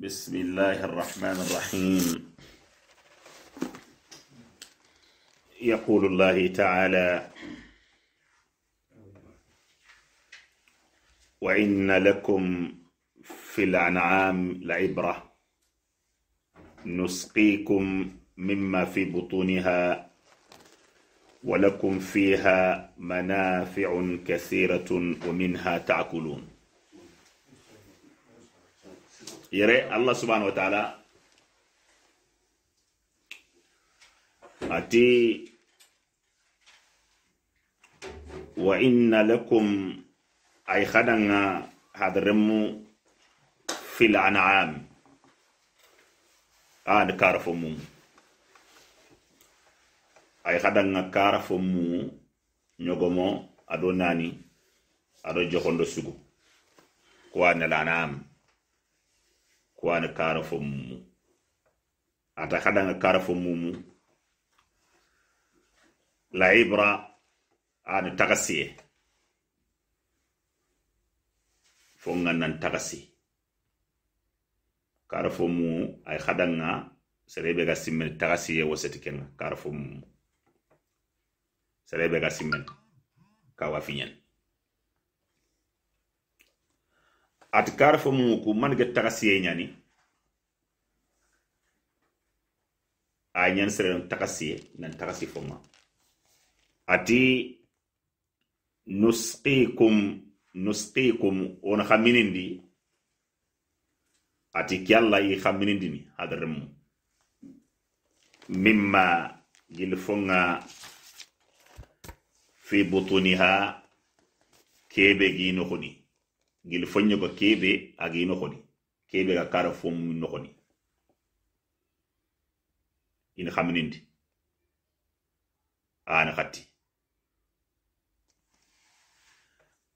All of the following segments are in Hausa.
بسم الله الرحمن الرحيم يقول الله تعالى وإن لكم في الأنعام لعبرة نسقيكم مما في بطونها ولكم فيها منافع كثيرة ومنها تأكلون yere allah subhanahu wa taala ati wa inna lakum ay khadanga hadaremu fil an'am an ah, karafo ay khadanga karafo mu nyogomo adonani nani ado jokondo sugu ko an an'am kuwani kara fo mumu ata hadanga kara fo mumu la ibra ani tagasiye fo gannan tagasi kara fo mumu ay hadanga serebe ga takasi ya woseti kenga kara fo mumu serebe ga simmene kawa fiñen ati kar fo mu ku man ge taga ñani a ñan sere taga nan takasi fo ma ati nusqikum nusqikum on xaminindi ati ki alla i ni hadaremu mimma gil fonga fi butuniha kebe gi noxuni gil fonye ko kebe yi noxoni kebe ga kara mu noxoni in xaminindi an ah, xatti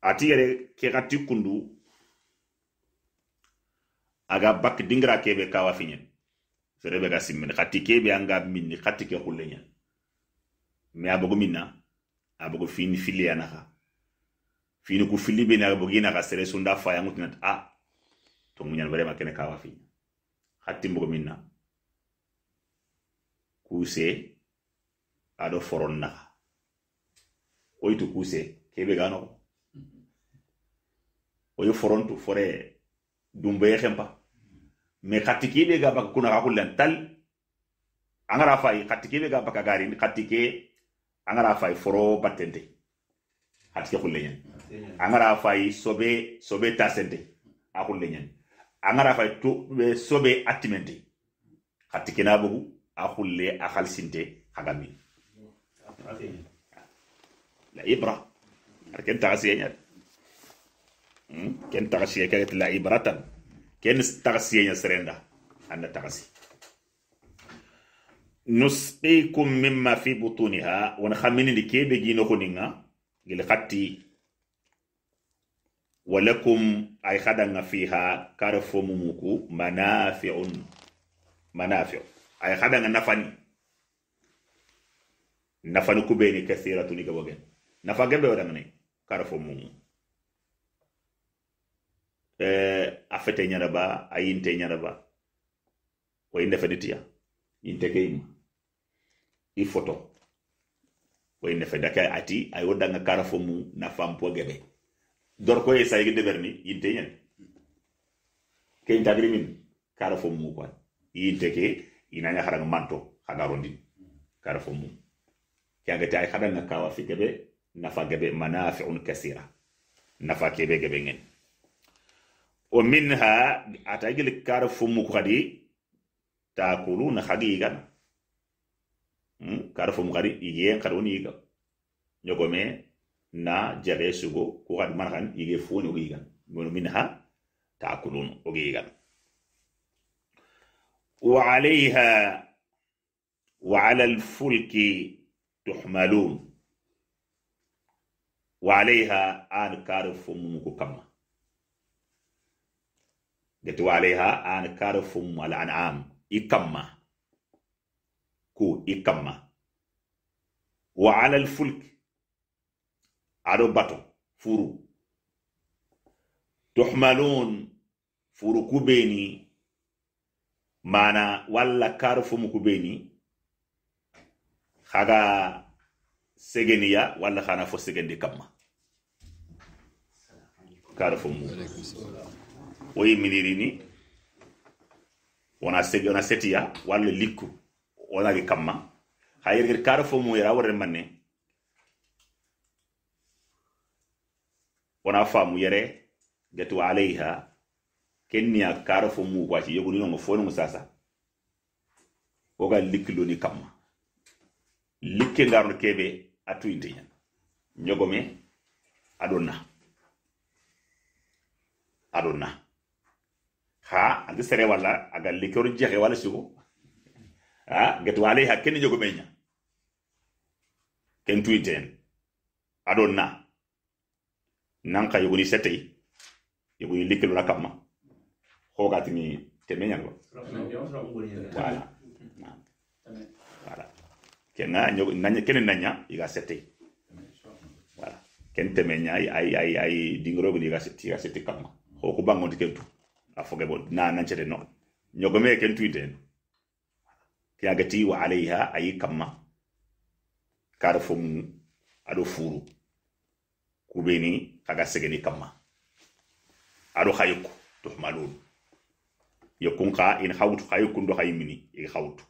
ati yere ke xatti kundu aga bak dingra kebe kawa fiñen serebe ga simmini xatti kebe anga minni xatti ke xulle ñan mais a bogo minna a bogo fini filiya naxa fini ku fili be na bogina ga sere sunda fa yangu tina a ah, to munyan bare makene kawa fi fini hatti mbogo minna kuse ado foron na oyitu kuse kebe gano oyo forontu fore dumbe khempa me khatti kebe ga bak kuna ga kullan tal angara fay khatti kebe ga bak garin khatti ke angara fay foro battente khatti ke kullen angara fay sobe sobe tasente akul akulle nyen angara fay to sobe atimente hatikina bugu le akal sinte hagami la ibra ken tagasiye ñat ken tagasiye kaget la ibratan ken tagasiye ña serenda anda tagasi nusqikum mimma fi butuniha wa xamminindi kebe gino koninga gil khatti walakum ay khadanga fiha karfo mumuku manafi'un manafi' ay khadanga nafani nafani kubeni kasiratu ni gabogen nafa gabe wadanga ne karfo mum eh afete nyaraba ayinte nyaraba o inde feditiya inte kayma i photo o inde fedaka ati ay wadanga mum fomu nafampo gabe dor ko dorko e deber ni yinte yen ke intagri min kara fo mu kwa yinte ke inanya harang manto rondi kara fo mu kanga tay hadanga kawa fi gebe nafa gebe manafi'un kasira nafa kebe gebe ngen o minha ata atagil kara fo mu ko kwadi takuluna hagigan hmm? kara fo mu kadi yen kadoni ga nyogome na jabe sugo ko kad marhan ige foni ogiga gono minha taakulun ogiga wa alayha wa ala alfulki tuhmalun wa alayha an kar fumu ko kamma dati wa alayha an kar fumu al an'am ikamma ko ikamma wa ala alfulki ado bato furu tuhmalun furu kubeni mana walla kar fomu kubeni haga segeniya walla hana fo segendi kamma kar fomu oy minirini wona seg wona setiya walla likku wonagi kamma hayir yerger kar fomu yera warre manne wana faamu yere jatu alayha niya kaaro fo mu wati yoguninogo fonugu sasa woga likkiloni kamma likke ngarno kebe a tuyinte ñan ñogome aɗon na aɗon na ha ante sere wala aga likkoro jehe wala sugo a getu alayha kenni jogome ña ken tuyinte en aɗon na nanka nan ka yogoni setei yogoni likilora kamma hogatini teme ñanwa voilà voilà kenga nanya kene nanya iga setei voilà ken teme ña ay ay ay bu iga seti iga seti kamma ho ko bangonti kentu a foge bon na nancete no ñogome kentuiten kiyagati wa alayha ayi kamma kar fo mu aɗo furu kubeni kaga segeni kama aɗo xa yokku malun yokun ka in xawutu xa yokkundo xa e ig xawutu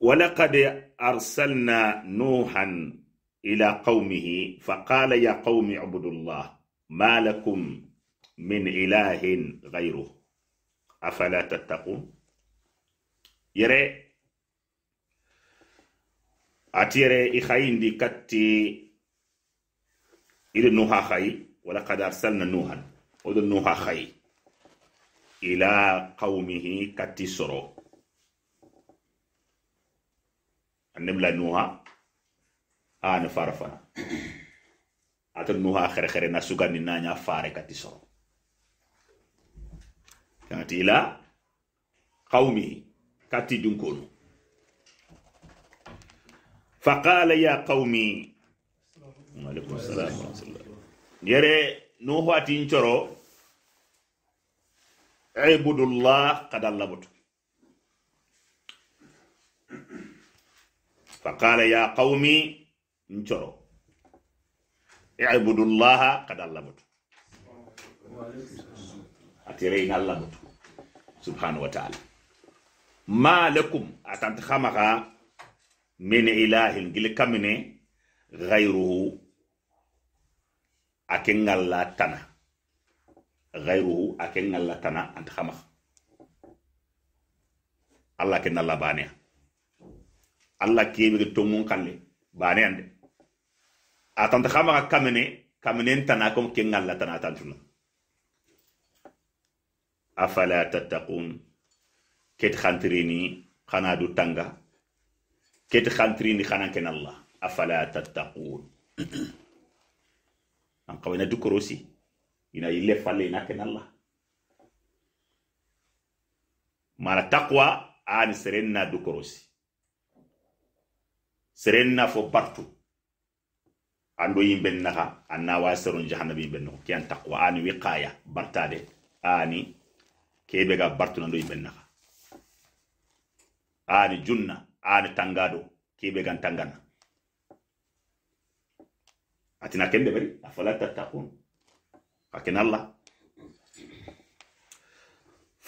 ولقد أرسلنا نوحا إلى قومه فقال يا قوم اعبدوا الله ما لكم من إله غيره أفلا تتقون يرى tiyere i hayindi katti ido nuha hayi wala kad arsalna nuhan odo nuha hayi ila qawmihi katti soro annabila nuha aani fara fana ata nuha khere na sugandi naña fare katti soro kati ila qawmihi katti dunkonu فقال يا قومي وعليكم السلام ورحمه الله يري نوحو أتنشرو عبد الله قد اللبت فقال يا قومي انشرو اعبد الله قد اللبت اتيرين اللبت سبحانه وتعالى ما لكم اتنت أتنتخمها min ilahin gili kamine ghayruhu ake ngalla tana ghayruhu ake ngalla tana anta xama alla ke nalla baneya alla kebiri tongun kalle baneyan de atanta xamaxa kamine kaminen tana kom ke ngalla tana atantuna afala tattaqun ket xantirini xana du tanga keti khantirindi khana ken allah afala tattaqun an kawena dukorosi ina yille falle ina ken allah mara taqwa ani serenna dukorosi serenna fo bartu ando yimben naxa anna wa seron jahannaba yimben noxo ke an taqwa ani wiqaya bartade ani kebe ga bartu nando yimben naxa ani junna an tangado kibe gan tangana atina kembe bari afala tattaqun akin allah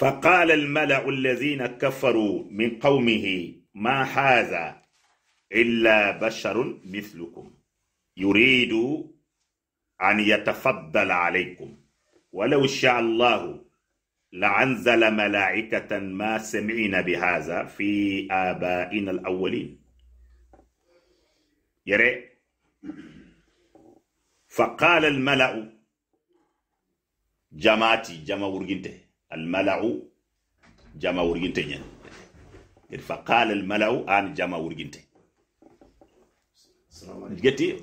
فقال الملأ الذين كفروا من قومه ما هذا إلا بشر مثلكم يريد أن يتفضل عليكم ولو شاء الله لعنزل ملائكة ما سمعنا بهذا في آبائنا الأولين يرى فقال الملأ جماعتي جمع ورغنته الملأ جمع ورجنته يعني فقال الملأ آن جمع ورغنته جتي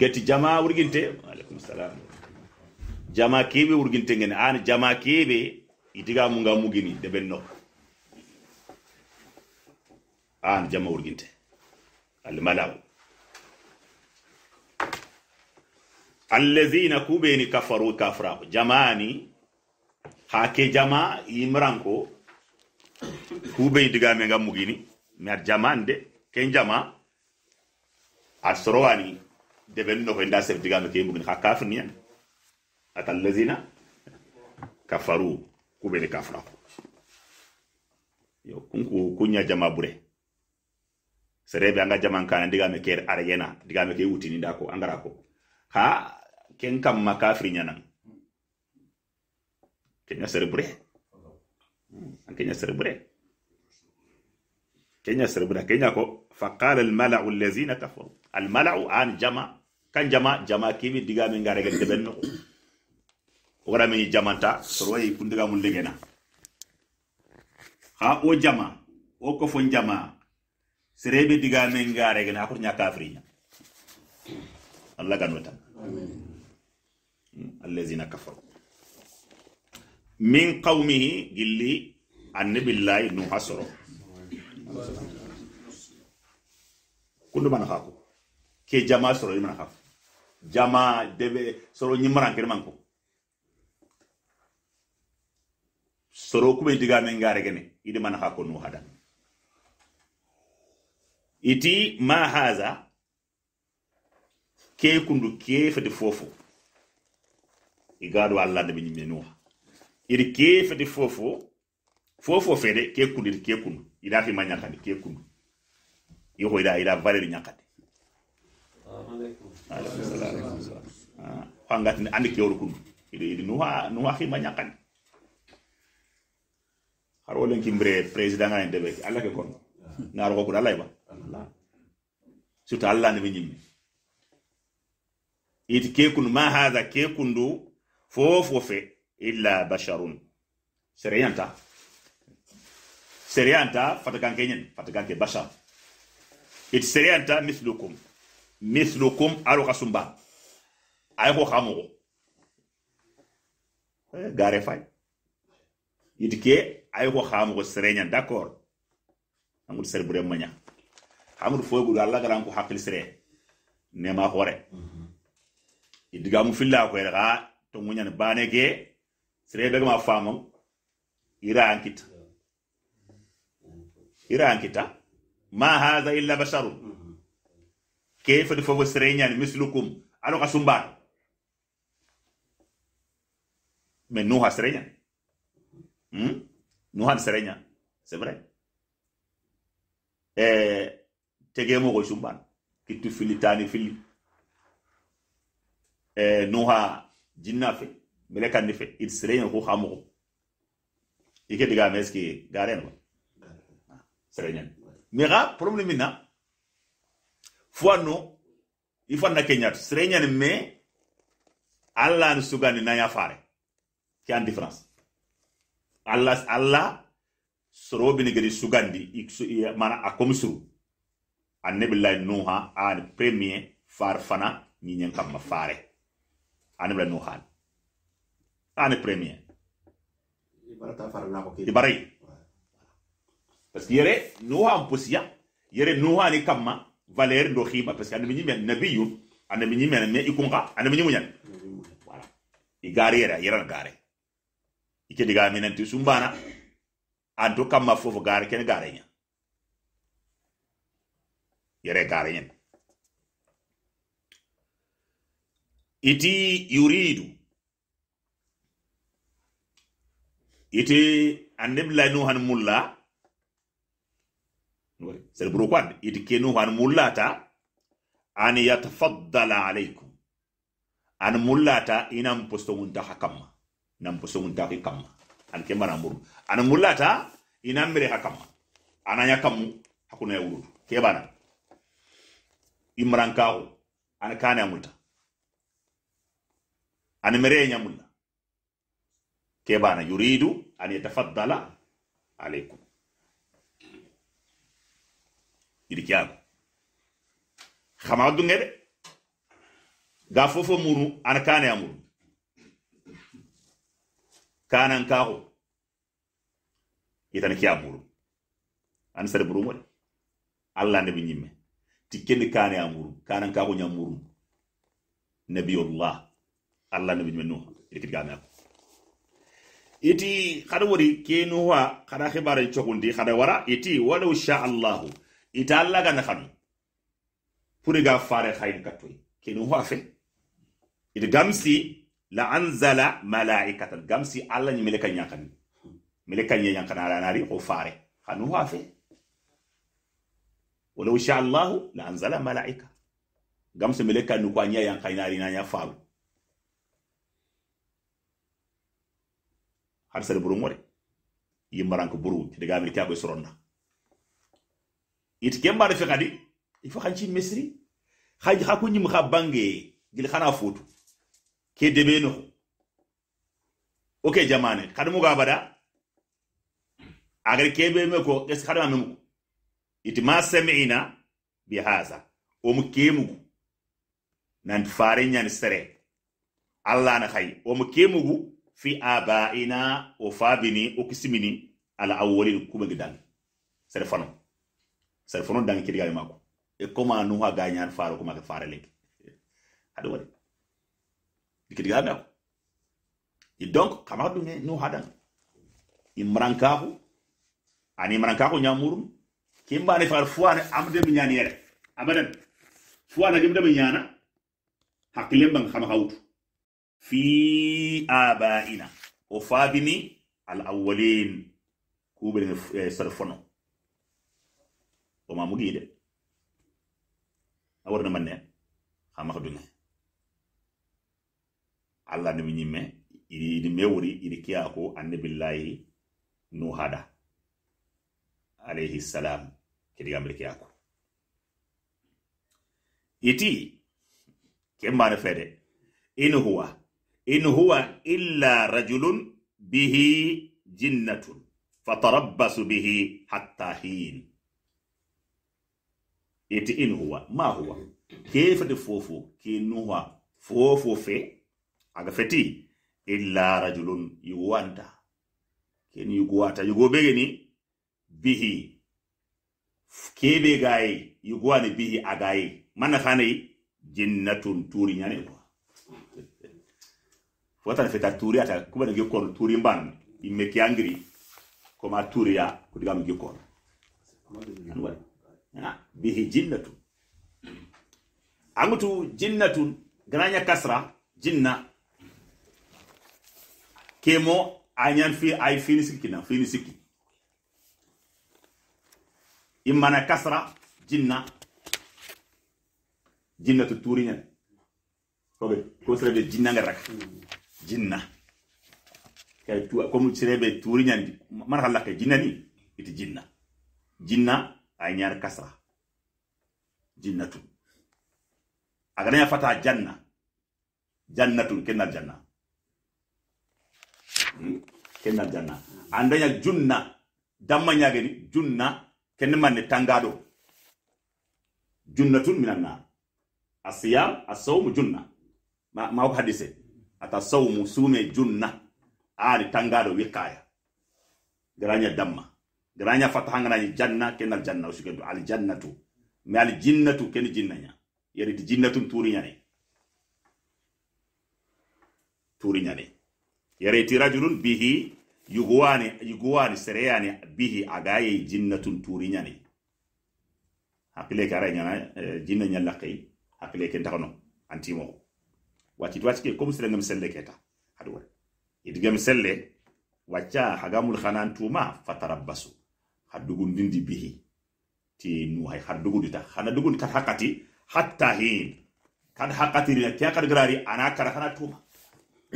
جتي جمع ورغنته وعليكم السلام jama kebe urgin tengene an jama kebe itiga munga mugini deben no an jama wurginte al malaw allazina kubeni kafaru kafra jamani hake jama imranko kube itiga me mugini mer jamande ken jama asrowani deben no ko ndase itiga diga me ke mugini atalazina kafaru kube ni kafra yo kunku kunya jama bure serebe anga jama kana ndiga me ker arayena ndiga me ke ni ndako angara ko ha ken kam makafri nyana kenya sere bure hmm, kenya sere bure kenya sere bure kenya ko faqala al mala'u allazina kafaru al mala'u an jama kan jama jama kimi diga me ngare gete benno ogara meni jamanta soro wayi kundiga mun legena ha o jama o kofo fon jama serebe diga men gare gena akor nya kafrinya allah ganota allazina kafaru min qawmihi gilli annabillahi nu hasoro kundu mana hako ke jama soro mana hako jama debe soro nyimran kirman ko soro kube digamen garegene idi man ha konnu hada iti ma haza ke kundu ke fati fofo igado allah nabi nyimme nuha iri ke fati fofo fofo fede ke kundu iri ke kundu ida fi manya kadi ke kundu yoko ida ida valeri nyakati alaikum salam alaikum salam ah hangati andi ke oru kundu iri nuha nuha fi manya kadi har wolen kimbre president ngana ndebe alla ke kono ngar ko kula layba surtout alla ne nyimmi it ke kun ma hada ke kundu fofo fe illa basharun sereyanta sereyanta fatakan kenyen fatakan ke bashar it sereyanta mislukum mislukum aro kasumba ay ko xamugo eh, gare fay it ke ay ko xamu ko sereña d'accord amul ser bure maña amul fogu gudu alla garan ko hakil sere ne ma hore mm-hmm. idiga mu filla ko era to mu ne bané ge sere be ma famu ira ankita ira ankita ma hadha illa basharu mm-hmm. kayfa fogu sereña ni mislukum alo kasumba men no ha hmm? nuhan serenya c'est vrai eh tege mo go shumban kitu filitani fili eh nuha jinna fe meleka ni fe it serenya ko khamo ike diga meski garen wa ah, serenya mira problème na fois no ifanna kenyatu serenya me alla ni sugani na ya fare ki an différence allah allah sorobini gedi sugandi iya, mana anne billahi nuha an premier farfana fana ñiñen kamma fare billahi nuha an premier ibaray parce que yere nuha am posiya yere nuha ni kamma valeur do xima parce que annabi ñimen nabiyun annabi men me ikunqa annabi munyan voilà gare. yere yere gare ike diga minan ti sumbana anto kamma fofo gare kene gare nya yere gare nya iti yuridu iti annabla nuhan mulla c'est pourquoi iti kenu nuhan mulla ta an yatafaddala alaykum an mulla ta inan posto mun ta hakamma nan posoguntaki kamma an ke mara muru ana mulata ina mere ha kamma ananya kammu hakuna ya wurudu kebana imrankaxu ana kane a multa an mere nya ke bana yuridu an yatafaddala alaykum idi kiyago xama dunge de ga fofo muru an kana a muru kanan kaho itana kiya muru an sare buru mode allah bin yimme ti kendi kane amuru kanan kaho nya muru nabi allah nabi nyimme no ikit ga mako iti kada wori ke nuha kada khibara chokundi kada wara iti walau sha allah ita allah ga na khanu pure ga fare khayin katoy ke nuha fe ita gamsi la anzala malaikatan gam si alla ni meleka nyakan meleka ni nyakan ala nari ko fare hanu wa wala sha allah la anzala malaika gam si meleka nu kwa nya yankan nari na nya faru har sare buru ngore yimbaran ko buru daga amerika ko soronna it kembar fe kadi ifa khanci misri khaji hakuni mkhabange gil khana futu ke debe no oke jamane kada mu gabada agar ke be me ko es kada mu iti ma sami'ina bi haza o mu ke mu nan fare nyan sere allah na khay o mu ke mu fi abaina o fabini o kisimini ala awwalil kuma gidan sere fano sere fano dangi kirigal mako e koma nu ha ganyan faro kuma ke fare lek hadu wadi ikiti ga mew i donc kama dunge no hadan imrankaku ani imrankaku nyamurum kimba ne far fuane amde nyani yere abadan fuana gemde nyana hakilem bang kama hautu fi abaina o fabini al awwalin kubel oma eh, sarfono o mamugide awarna manne kama dunge alla ni ñimme ini mewuri ini kiya ko annabillahi nuhada alayhi salam kidigamle kiya ko iti kembane fede in huwa in huwa illa rajulun bihi jinnatun fatarabbasu bihi hatta hin iti in huwa ma huwa kefede fofo ke nuha fofo fe aga feti illa rajulun yuwanta ken yuguwata yugobe bihi kebe gayi yuguwani bihi agayi mana fanayi jinnatun turi ñane quoi fotana feta turi ata kubana gikkono turi mban imme ke angiri koma turiya ko digam gikkono bihi jinnatun angutu jinnatun gananya kasra jinna kemo anyan fi ay finisiki na finisiki imana kasra jinna jinna tu turi nyen obe ko sere be jinna rak jinna kay tu ko mu sere be man halla kay jinna ni iti jinna jinna ay nyar kasra jinnatu agana ya fata janna jannatun kenna janna kenna janna andanya junna damma nyageni junna kenna manne tangado junnatun minanna asiyam asawmu junna ma ma hadise ata sawmu sume junna ari tangado wikaya geranya damma garanya fatahangana janna kenna janna usuke al jannatu mi al jinnatu ken jinnanya yeri di jinnatun turi nyane turi nyane yeri ti rajulun bihi yuguwani yuguwani sereyani bihi agaye jinnatun turiñani hakkile eh, ke ara ñana jinna ñalla kay hakkile ke ndaxano antimoxo wati wati ke comme sirengam selle keta hadi wari selle wacca hagamul xanan tuma fatarabbasu haddugundindi bihi ti nuhay har dugundita hana dugun kat hakati hatta hin kad hakkatirina ke kar garari ana kara kana tuma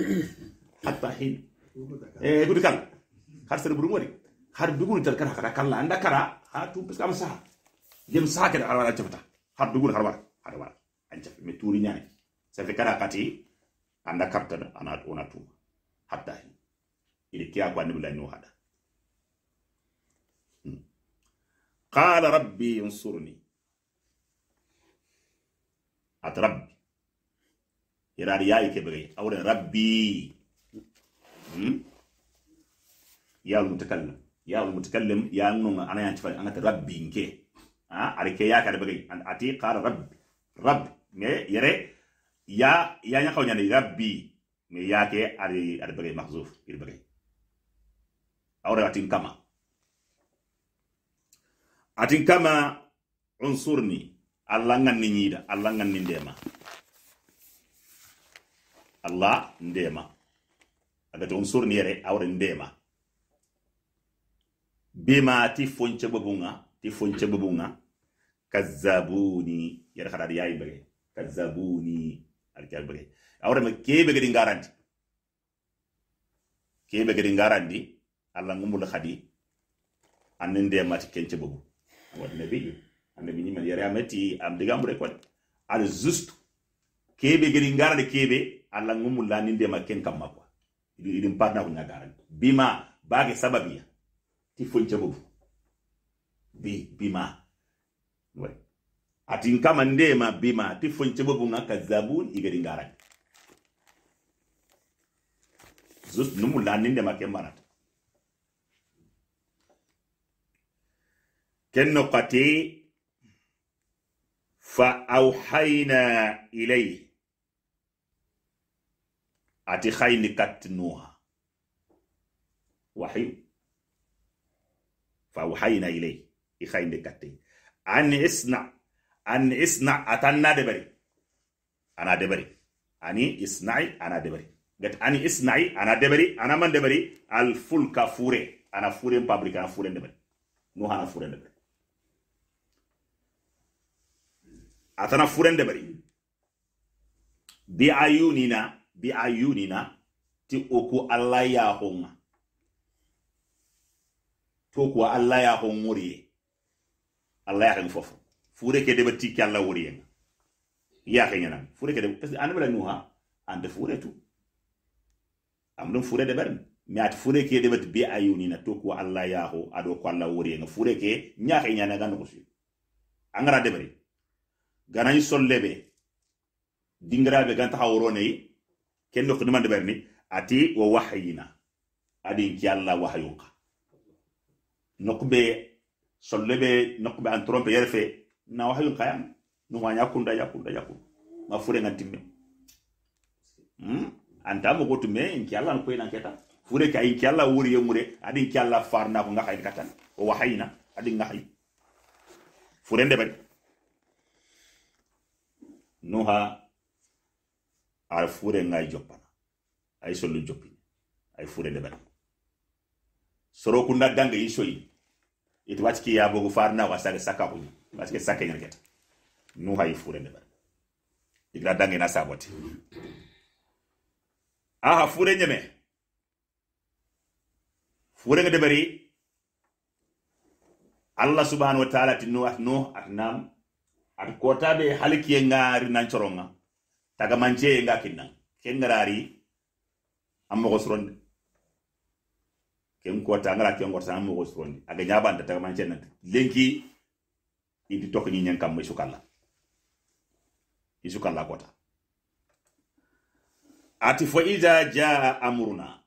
hatta hin eh gudu kala har sere buru ngori har dugun tar kara kara kala anda kara ha tu pes kam jem dem saha kada harwa chapta har dugun harwa harwa anja me turi nyane sa fe kara kati anda kapta ana ona tu hatta ile kiya kwa nibla no hada قال hmm. ربي انصرني أتربي يراري ياي كبري أولا rabbi Hmm? ya mutakallim ya mutakallim ya nun ana yanti fa anata rabbi ha arke ya ka daga ati qala rabbi rabbi ne yare ya ya nya kawnya ne rabbi ne ya ke ari ari bagay mahzuf ir bagay awra atin kama atin kama unsurni allah ngan ni nyida allah ngan ni ndema allah ndema agati unsur yere awren ndema. Bima ti fonce babunga ti fonce babunga kazzabuni yar kharar yayi bage kazzabuni alkar bage awren ma kebe gedi ngarandi kebe gedi ngarandi allah ngumul khadi anin de mati kence babu wat nabi annabi ni man yare ameti am diga mure kon al zustu kebe gedi ngarandi kebe allah ngumul lanin ndema ma ken kam iɗin parna ko ñagaran bima baake sababiya ti fon jabobu bi bima we ati kama ndema bima ti fon jabobu nga kazabun igadi ngaran zus numu la ninde make marat kenno qati fa awhayna ilayhi ati khayni katti nuha wahi fa wahayna ilay i khayni katti an isna an isna atanna debari ana debari ani isna'i ana debari gat ani isna'i ana debari ana man debari al fulka fure ana fure pabrik ana fure debari nuha ana fure debari atana fure debari bi ayunina bi ayunina ti oku alla yahonga to kuwa alla yahon wuriye alla yahen fofo fure ke deba tikki alla wuriyenga yahe ñanan fure ke deba parce que anabala nuha ande fure tu amdum fure deɓerni mais ati fure ke deɓati be ayunina to kuwa alla yaho aɗo ko alla wuriyenga fure ke ñahe ñanaga nogosuyi angara deɓari ganañi solleɓe dingiraɓe ganta ha woroneyi ken no khidman barni ati wo wahayina adin ki alla wahayunka nokbe sollebe nokbe an trompe yerfe na wahayunka yam no wanya kunda yakunda yakunda mafure ngantimme hmm anta mo gotu me in ki alla ko ina fure ka ki alla wuri yemure adin ki alla farna ko ngahay katan wa wahayina adin ngahay fure nde nuha a fure ngai joppana ay so lu joppini ay fure nde bani soro kunna dange yi soyi it wati ki yabogo farna wa sare saka ko parce que saka ngeta nu hay fure nde bani igra dange na sabote aha fure nyeme fure nge debari allah subhanahu wa ta'ala tinu atno atnam at kota be halki ngari nan choronga manche nga kinna ken garari ammo gosronde ken ko tangara ken gorta ammo gosronde aga nyaba nyabanda manche nan lenki idi tok ni nyen kam isukalla isukalla kota ati fo ida jaa amruna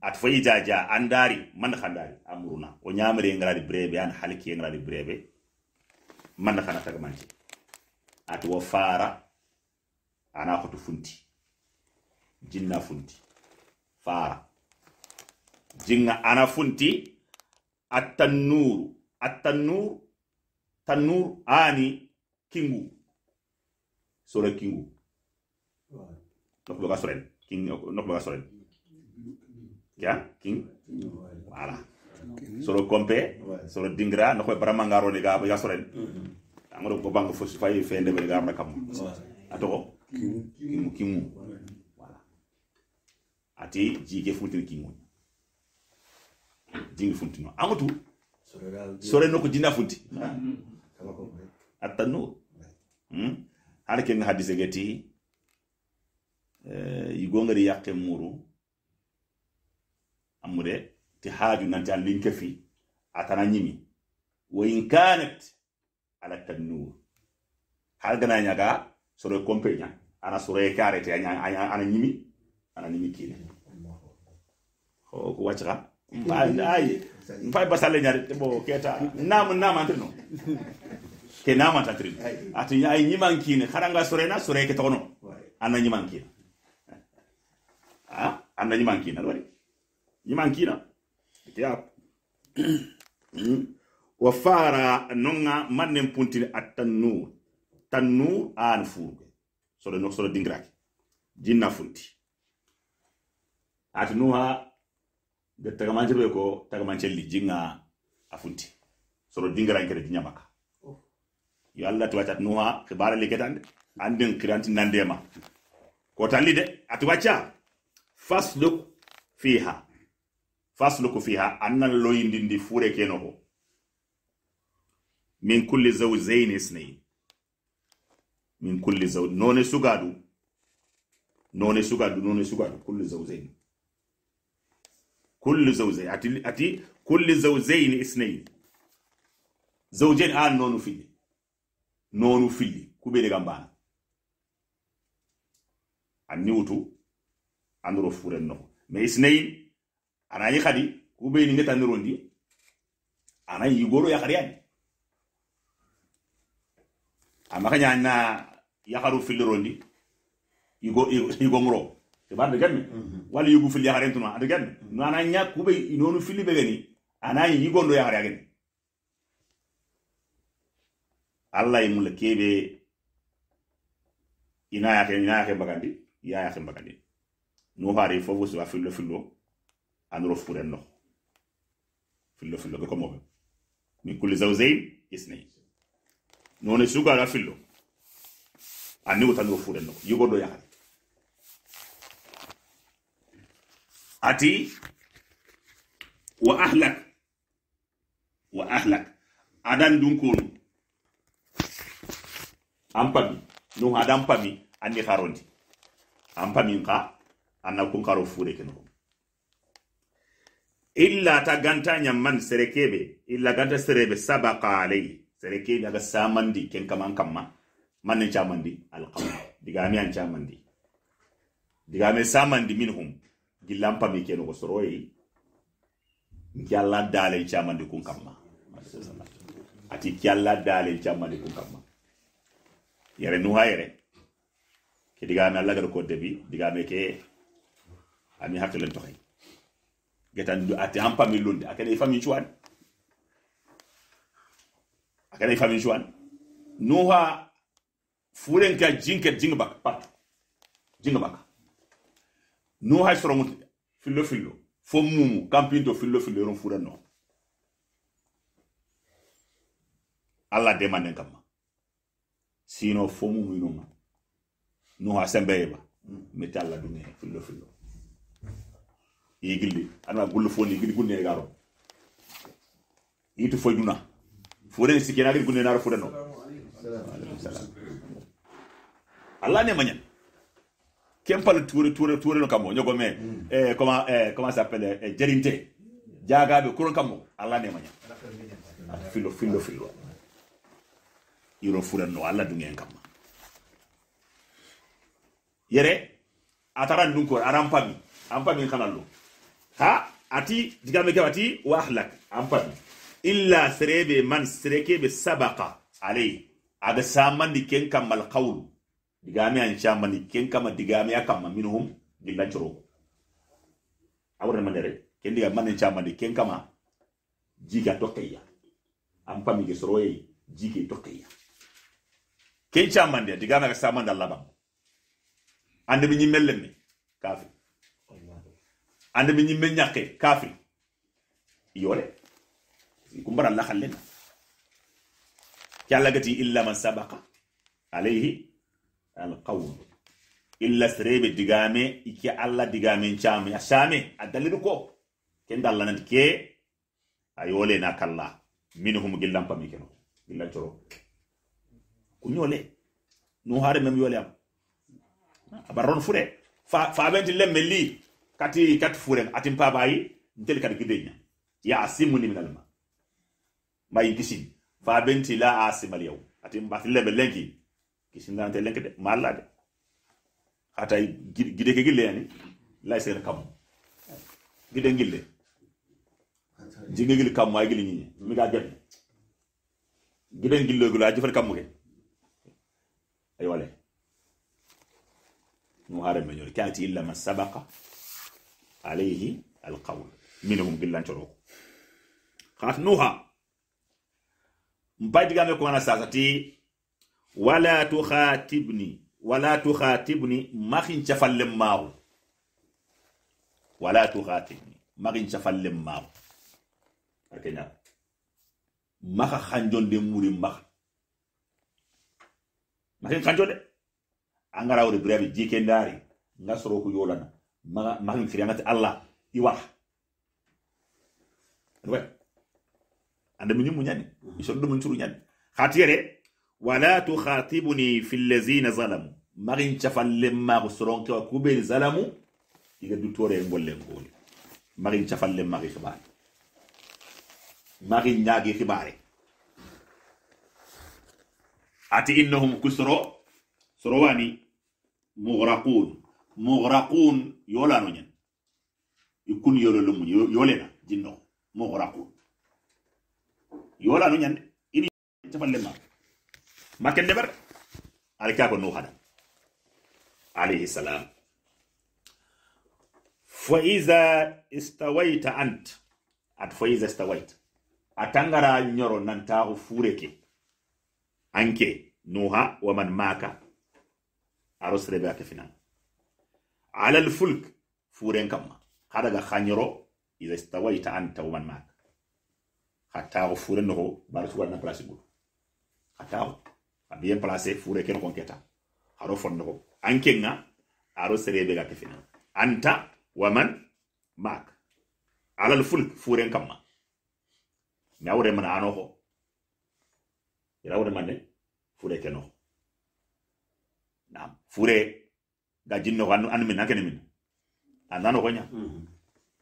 ati fo ida ja andari man khandari amruna o nyamre ngarari brebe an halki ngarari brebe man khana tagamance ati wo fara ana koto funti jinna funti fara jinna ana funti attannuru attannur tanur ani kingu sore kingu nokbaga sore king nokbaga sore, ya king wala sore kompe sore dingra nokbe barama ngaro ni ga ba soren amaro ko bang fo fay fende be ga ma kam atoko kimu kimu kimu voilà ate jike funtini kimu jingi funtino amutu. sore no ko jinda funti attanu hmm har ken hadise geti eh yigongari yakke muru amude ti haju nanti an linke fi atana nyimi wa in kanat ala tanur har gana nyaga soro kompe nya ana soro kare te anya ana nyimi ana nyimi kile ho ko wacha ba ay mpa basale mm-hmm. nyare te bo keta nam nam antrino ke nam antrino ati ay nyiman kine kharanga sore na sore ke tono ana nyiman kine ha ana nyiman kine wali nyiman kine ke ap mm. wa fara nonga tannu an furuɓe soɗo nok soɗo dingiraki jinna funti ati nu ha nde tagamancirɓe ko tagamancelli jinga a funti soɗo dingirankede jinya maka yo allah ti waccat nuha ha hibara liketande andin kiranti nandema ko talli de ati wacca fasluk fiha fasluku fiha annan loyindindi fure keno ko min kulli zawjaini isnayin min kulli zaw none sugadu none sugadu none sugadu kulli zawjayn kulli zawjayn ati ati kulli zawjayn isnayn zawjayn an nonu filli nonu filli kubede gambana niwutu an andoro fure no mais isnayn anayi khadi kubeni ngeta ndirondi yi goro ya khariani amma kanya na yakharu fil filirondi yugo yugo ngro te bar de gamme wala yugo fil yakharen tuna ade gamme ana nya kube inonu fili be gani anani igo ndo yakhare gani allah yi mula kebe ina yake ina yake bagandi ya yake bagandi no hari fofu so filo filo anro fure no filo filo be ko mo min kulli zawzayn isnayn none sugara fillo anni wutango furenno yigoɗo yahay ati wa ahlak wa ahlak adan dunkonu an pami nu adan pami anni harondi ampami pamin ka anna kun karo fure ken ko illa ta ganta man serekebe illa ganta serebe sabaka alayhi sere ke daga samandi ken kaman kamma manne chamandi alqam mi an chamandi mi samandi minhum gillam mi ken go soroyi nki alla dale chamandi kun kamma ati ki alla dale chamandi kun kamma yere nu hayre ke digame alla gar ko debi digame ke ami hakkelen toxay getan du ati am mi lundi akene fami chuani akana i famin juan nuha furen ka jinket jinga baka pat jinga baka nuha sorongut fillo fillo fo mumu kampinto fillo fillo ron furen no alla demanden kamma sino fo mumu inoma nuha sembeyeba mete alla dunge fillo fillo igilli ana gullu fo ni gilli gunne garo itu fo duna furene sikena gir gunne naro fureno alla ne manyan kempal tour tour tour no kamo nyogo me hmm. eh koma eh koma sa pele eh jerinte jaga be kuron kamo alla ne manyan filo filo filo iro fureno alla dungen kamo yere atara ndunkor arampami ampami kanalo ha ati digame ke ati wahlak ampami illa sirebe man sireke be sabaka ale aga samandi ken kammal qawl digame an chamani ken kama digame akamma minhum gilla choro awre manere ken diga man chamani ken kama jiga tokeya am pami ge soroye jige tokeya ken chamande digame aga samanda labam ande bi ñimmelemme kafi ande bi ñimme nyake kafi yole kumbara la khallen yalla gati illa man sabaqa alayhi alqawl illa sirebe digame ike alla digame chame ashame adalilu ko kenda alla nan ke ayole na kalla minhum gillam pami keno gillam choro kunyole no hare mem yole am abaron fure fa fa benti lemme li kati kati fure atim pa bayi ntel kadi gidenya ya asimuni min alma may gisin fa benti la asimal yaw ati mbatille be lenki gisin la te lenki de malla de ata gide ke gille yani lay sen kam gide ngille jinga gille kam may gille ni mi ga gel gide ngille gula jefal kam ke ay wale no hare me nyori kanti illa ma sabaqa alayhi alqawl minhum billan choro khat nuha mpa digambe kona sasa ti wala tukhatibni wala tukhatibni maxin cafallen maxu wala tukhatibni maxin cafallen maxu a keña maxa muri maxa maxin xanjonde a ngara wori jikendari nga soroku yolana maxin firiyangati allah i wara anda mi ñummu ñadi isoto domun curu xati yere wala tukhatibuni fi llazina zalamu maxin cafallen maxu soronkewa kubeni zalamu iga dutore ngollen kooli maxin cafallen maxi xibaare maxin ñaagi xibaare ati innahum kusoro sorowani mughraqun mughraqun yolano ñen ikun yololomuñ yolena jinnoxo mughraqun yola no nyande ini tafan lemma maken debar ala ka ko no hada alayhi salam fa iza istawaita ant at fa iza istawaita atangara nyoro o fureke anke nuha waman maka aro serebe ake finan ala alfulk furen kamma xadaga xa nyoro iza istawaita anta man maka a fure noxo bari sugarna place gulu a a bien place fure ke noxon keta xaro fon noxo an kenga aro serebe ga kefina anta waman mak alal ful furen kamma na man mana anoxo ira wure manne fure ke noxo nam fure ga jinno anu anu min nakene min anano konya nya mm-hmm.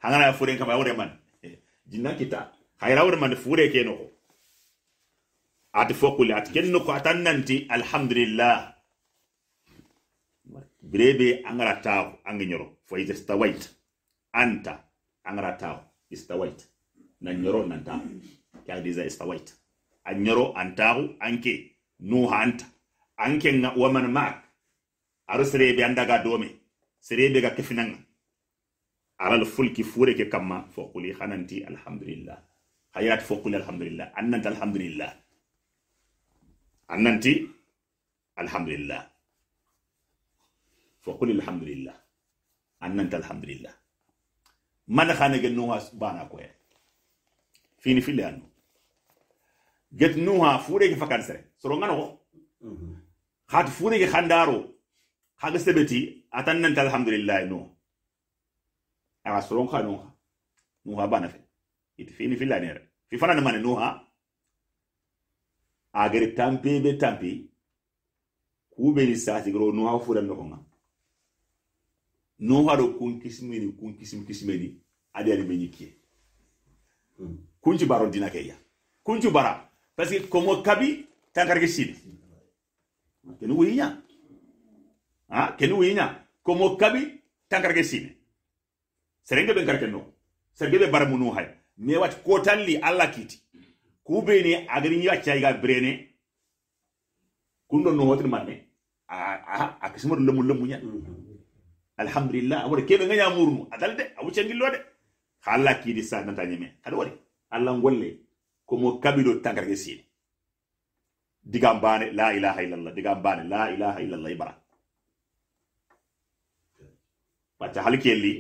hangana fure kamma wure man eh, jinna kita hayrawre mande fure ke noxo ati fokule ati ken noko atan nanti alhamdulillah birebe angara taxu angi ñoro is the istawait anta angara the istawait na ñoro na ta kaa disa istawait a ñoro an taxu anke nuha anta anke nga waman maak aro serebe andaga dome serebe ga kefinanga alal fulki fure ke kama fokuli hananti alhamdulillah حيات فوق الحمد لله أننت الحمد لله أننت الحمد لله فقل الحمد لله أننت الحمد لله ما نخانا جنوها بانا كوي فيني في اللي أنو جتنوها فوري كفاكار سرين سرونغانو خات فوري كخاندارو خاق سبتي أتننت الحمد لله نو أما أه، سرونغانوها نوها بانا فين iti fini fillanere fi fanani mani nuha agari tampe be tampi kubeni satigiro nuha fura nokonga nuha do kun kismini kun kisim kisimeni adi ari meni kie hmm. kunci baro dina keya kunci bara parce que kongo kabi tankarke sini keni wiiña a keni wiiña komo kabi tankarke sine serenge be ngarke no serenge be baramu nu hay ne wat kotalli alla kiti kubene agari ya chai ga brene kundo no hotir manne a a kismor lemu lemu nya alhamdulillah awore kebe nganya murnu adalde awu chengillo de alla kidi sa nata nyeme adore alla ngolle ko mo kabilo tangarge sini digam bane la ilaha illallah digam bane la ilaha illallah ibara pacha halkelli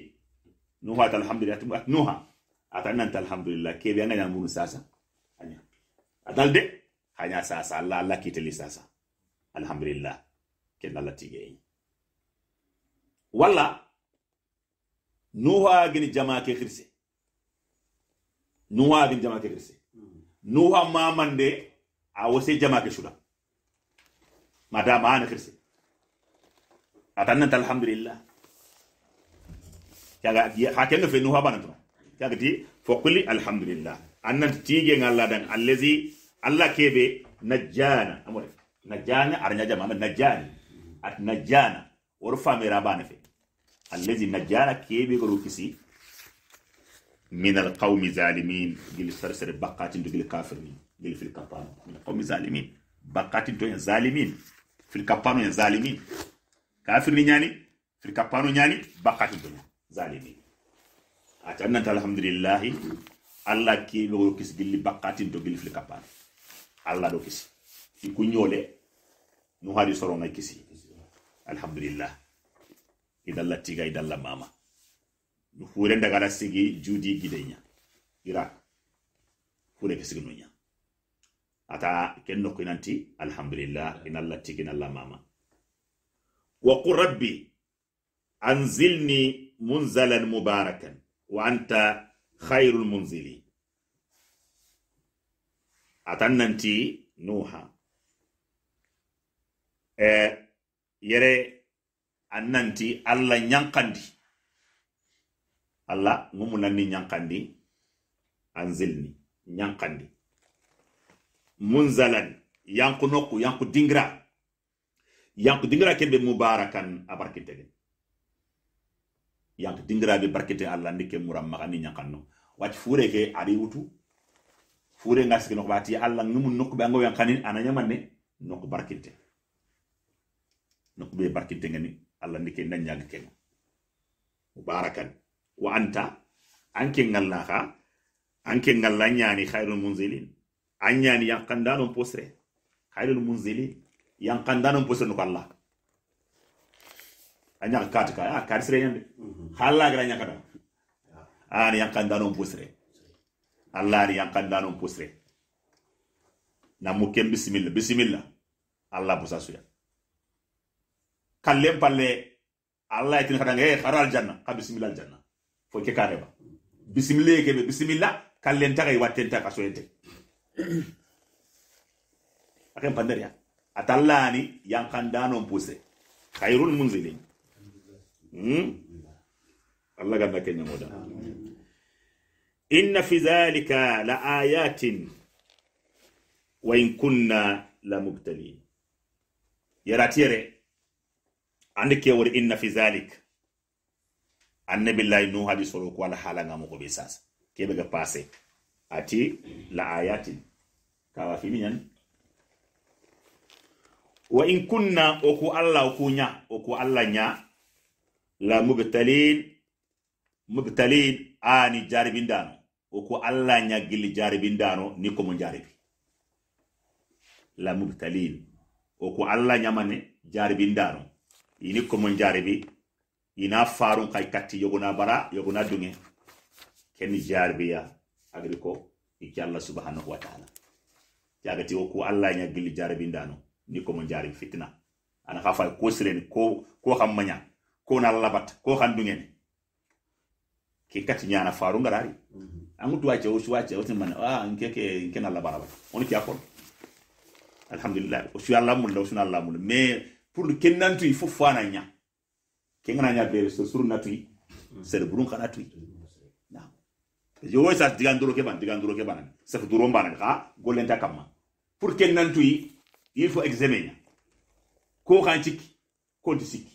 nuha alhamdulillah nuha atan nanta alhamdulillah kebe sasa atal de sasa allah allah sasa alhamdulillah ken allah tigeyi walla nuha gini jama ke khirse nuha gini jama ke khirse mamande a jama ke shuda madama ana khirse alhamdulillah kaga hakenga fe nuha banatuma kagati fokuli alhamdulillah annan tige ngalla dan allazi allah kebe najjana amore najjana arnya jama najjani at najjana wor famira bana fe allazi najjana kebe goru kisi min alqawmi zalimin gil sarsar baqatin do gil kafirin gil fil qatan min alqawmi zalimin baqatin to zalimin fil kapano zalimin kafirni nyani fil kapano nyani baqatin to zalimin ati annanta alhamdulillahi alla keɓe oyo kisi gilli bakkatin to gilli fili kappani alla ɗo kisi i kuñole no hari soronga kisi alhamdulillah idalla tiga idalla mama no hure dagara sigi juudi gideña ira hure ke sigino ña ata ken nokko nanti alhamdulillah inalla tigi inalla mama wa qul rabbi anzilni munzalan mubarakan wa anta khairul munzili atan nanti nuha e yere an nanti alla nyankandi alla ngumu nanni anzilni nyankandi munzalan yankunoku nokku yanku dingira yanku dingira kembe mubarakan abarkintegen yang yank dingiraɓe barkete allah andi ke muram magani ñankanno wati fure ke ari wutu fure ngas ke noko ɓati allah ngimum ango yang kanin ana ñamanne nokku barkinte nokkuɓe barkinte ngani allah ndi ke daññaga kenga mubarakan wa anta anke ngalla ha anke ngalla nyani khairul munzilin anyani yang yankandanon posre khairul munzilin yang yankandanon posre noko allah anya kat ka a ah, kar sire nyande mhm. halla gra nya kada ani yang ah, kan danon pusre allah ni yang kan danon pusre na mukem bismillah bismillah allah busa suya kalem palle allah itin kada ngai eh, kharal janna ka bismillah janna fo ke kare ba bismillah ke bismillah kalem ta kai watten ta kaso yente akem pandaria ya. atallani yang kan danon pusre khairul munzilin Hmm? allah ganna ke ñamoda inna fi zalika la ayatin wa in kunna la mubtali yaratiyere ande ke wori inna fi annabi annabillahi nuh hadi soro ko ala hala mo ko be sasa kebe ga passé ati la ayatin kawa fi minyan wa in kunna oku alla oku nya oku alla nya la mubtalin mubtalin ani jaribin dano o ko alla nya gilli jaribin dano ni ko mun jaribi la mubtalin o ko alla nya mane jaribin dano ini ko mun jaribi ina farun kai katti yoguna bara yoguna dunge ken jarbiya agri ko ikki allah subhanahu wa ta'ala jagati o allah alla nya gilli jaribin dano ni ko mun jaribi fitna ana khafa ko siren ko ko hammanya kona labat ko handungene ke kati nyana faru ngarari mhm. angu tuwa che usuwa che usin mana ah nke ke nke na labara ba on ki alhamdulillah usu Allah mun usu Allah mun me pour le kenan tu il faut fa nya ke ngana nya be so sur na tu c'est le burun kana tu na yo esa sa ke ban digan duro ke ban sa ko duro ban ka golenta kama pour kenan tu il faut examiner ko kan ko disik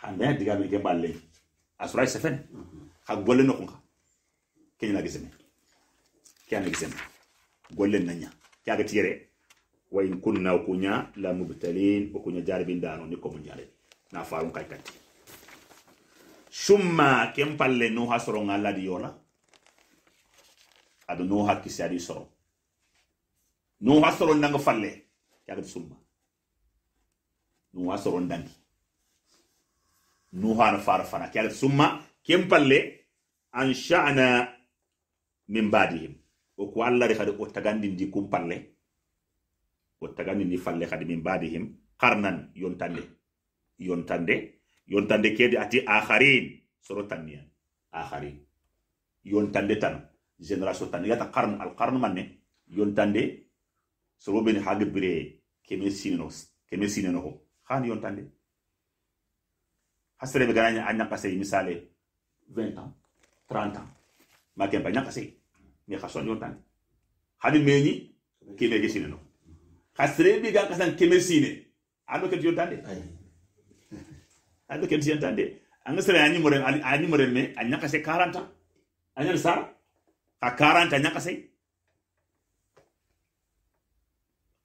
xandaya diga me ke balle asura e sefen xa golle no kunga ke nyina giseme ke ana giseme golle nanya ke aga tigere wa in kunna kunya la mubtalin o kunya jaribin dano ni ko munjare na farun kai kanti summa kem palle no hasoro ngala di yola ado no hakki sari soro no hasoro ndanga falle ke aga summa no hasoro ndangi نوحان فارفانا كالف سمّا كم بالله أنشأنا من بعدهم وكو الله رخد أتغاندين دي كم بالله أتغاندين دي فالله خد من بعدهم قرنان يونتاندي يونتاندي يونتاندي كيدي أتي آخرين سورو تانيان آخرين يونتاندي تان جنراسو تان يتا قرن القرن مني يونتاندي سورو بني حاجب بري كمي سينو كمي سينو خان يونتاندي hasre be gananya anya kase misale 20 ans 30 ans ma ken banya nyakase ni khaso nyo tan hadi meñi ke be gesine no hasre be gan kasan kebe sine ando ke yo tan de ando ke yo tan de anga anu sere anyi moren anyi moren me anya kase 40 ans anya sa a 40 anya kase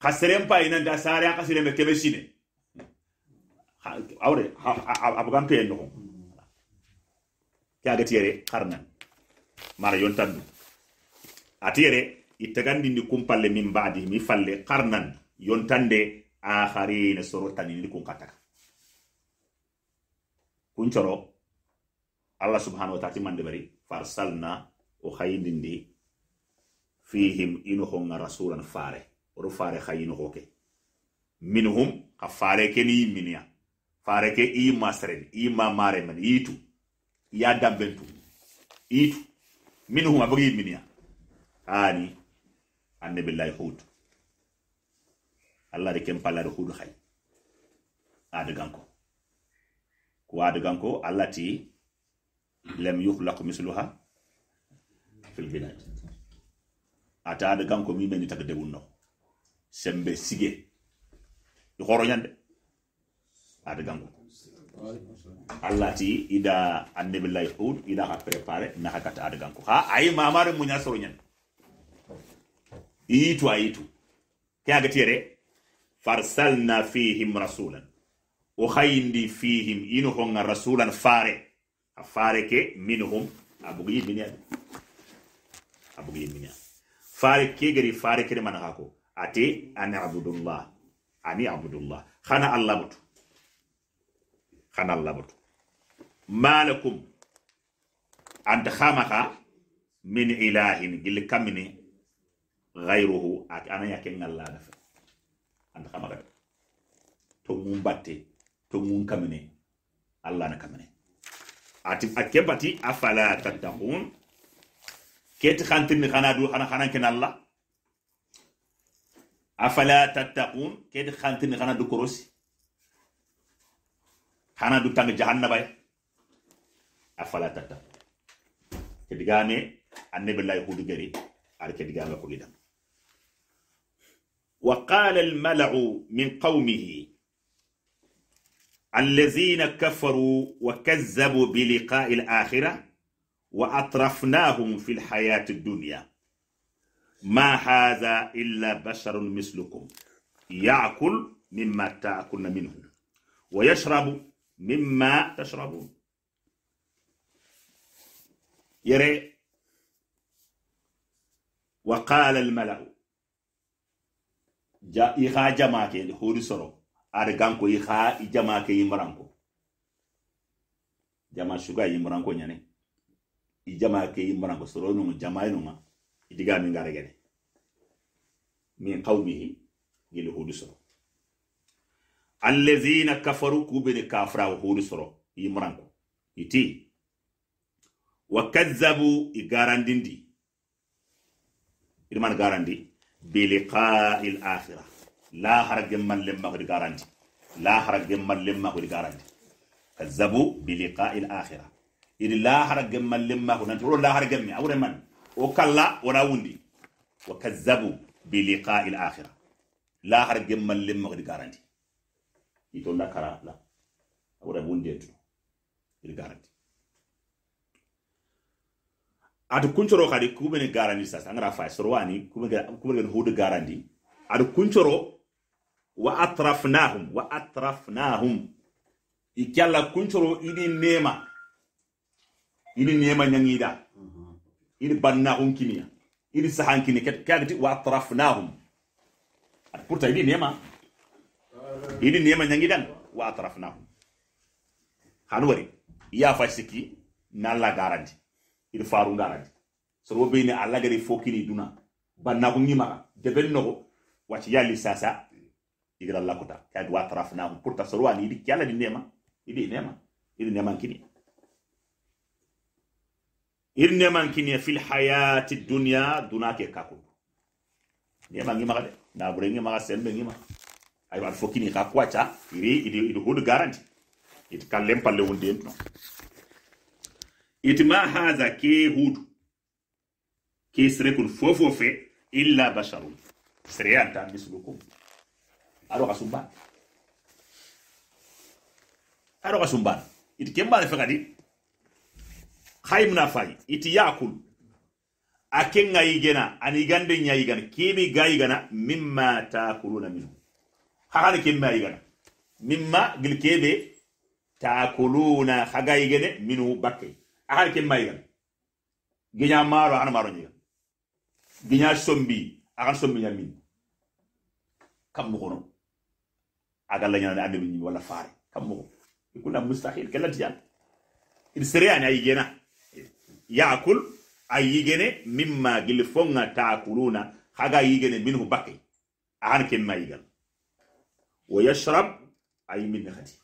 hasre mpa ina da sare akasire me kebe sine awre abugam to yendo ya gatiere karna mara yontandu atiere ittagandi ni kumpalle min badi mi falle karnan yontande akharina sorotani ni kun kataka kun coro allah subhanahu wa ta'ala mande bari farsalna o khayindindi fihim ino nga rasulan fare odo fare khayino hoke minhum ka fare keni minya fare ke i masren i mamare men itu ya dambentu itu min huma bagi minya ani annabi billahi hud allah de kem palare hud hay adaganko ko ganko allah ti lam yukhlaq misluha fil bilad ata ganko mi men tag debunno sembe sige do horo nyande ada gangu ti ida annabillahi hud ida nah ha prepare, na hakata ada gangu ha ay mamare munya soronyan itu aitu ah, ke agatiere eh? farsalna fihim rasulan o khayndi fihim inu honga rasulan fare ke ke minhum abugi minya abugi minya fare ke gari fare ke man ko ate ana abdullah ani abdullah khana allah butu xana labatu malakum anta xamaka min ilahin gilli kammini gayruhu ati anaya ke ngallaga dafa. anta xamaka to mun batte to mun kamine allah na kamine ati ake bati afala tattaqun keti xantinni xana du xana xanan ken allah afala tattaqun keti xantinni xana du korosi hana du tang jahanna bay afala tata ke kedigame anne billahi hudu gari ar digame ko lidam wa qala al mal'u min qaumihi الذين كفروا وكذبوا بلقاء الآخرة وأطرفناهم في الحياة الدنيا ما هذا إلا بشر مثلكم يأكل مما تأكلن منه ويشرب mimma tashrabun yere wa qala al mala'u ja i ha jama ke hori soro ar ganko i ha i jama ke imranko jama shuga imranko nyane i jama ke imranko soro jama min min allazina kafaru kubene kafrawo huni soro yimranko iti wa kazzabu i garandindi irman garandi biliqa'il akhirah la harage man lemma hodi garandi la harage man lemma hodi garandi kazzabu biliqa'il akhirah idi la harage man lemma ko nanti la harage me awre man o kalla wona wundi wa kazzabu biliqa'il akhirah la harage man lemma hodi garandi itonda karatla abura bundetu irgarati adu kuncoro kadi kubene garandi sasa angara fay sorwani ne hudu garandi adu kuncoro wa atrafnahum wa atrafnahum ikalla kuncoro ini nema ini nema nyangida ini bannahum kimiya ini sahankini kagati wa atrafnahum adu purta ini nema ini nema ñangidan wa atrafnahum han wari iya fa sikki na la garanti il faru garanti so wo beyni alla gari fokini duna banna ko ngima de ben no wati yali sasa igra la kota kad wa atrafnahum pour tasruwa ni di kyala di nema idi nema idi nema kini idi nema kini fil hayati dunya dunake kakundu nema ngima de na bure ngima sembe ngima aywa al fokini xa kuwaca iri idi hudu garanti iti kallen palle wunde yentu non iti ma haza ke hudu ke sirekun fofo fe illa basharun sereyanta mislukum aɗo xa sumban aɗo xa sumban iti ken mbane fe kadi xayimna fay iti yakul a ken ga ani gande ñayigana kemi ga yigana mimma takuluna minhu hagana kemma yigana mimma gil kebe taakuluna haga yigene minu bakke ahana kemma yigana ginya maro ahana maro nyiga ginya sombi ahana sombi nyamin kam mo gono aga la nyana ande ni wala faare kam mo ikuna mustahil kalati ya il seriani ayigena yaakul ayigene mimma gil fonga taakuluna haga yigene minhu bakke ahana kemma yigana wa yashrab ayi min khati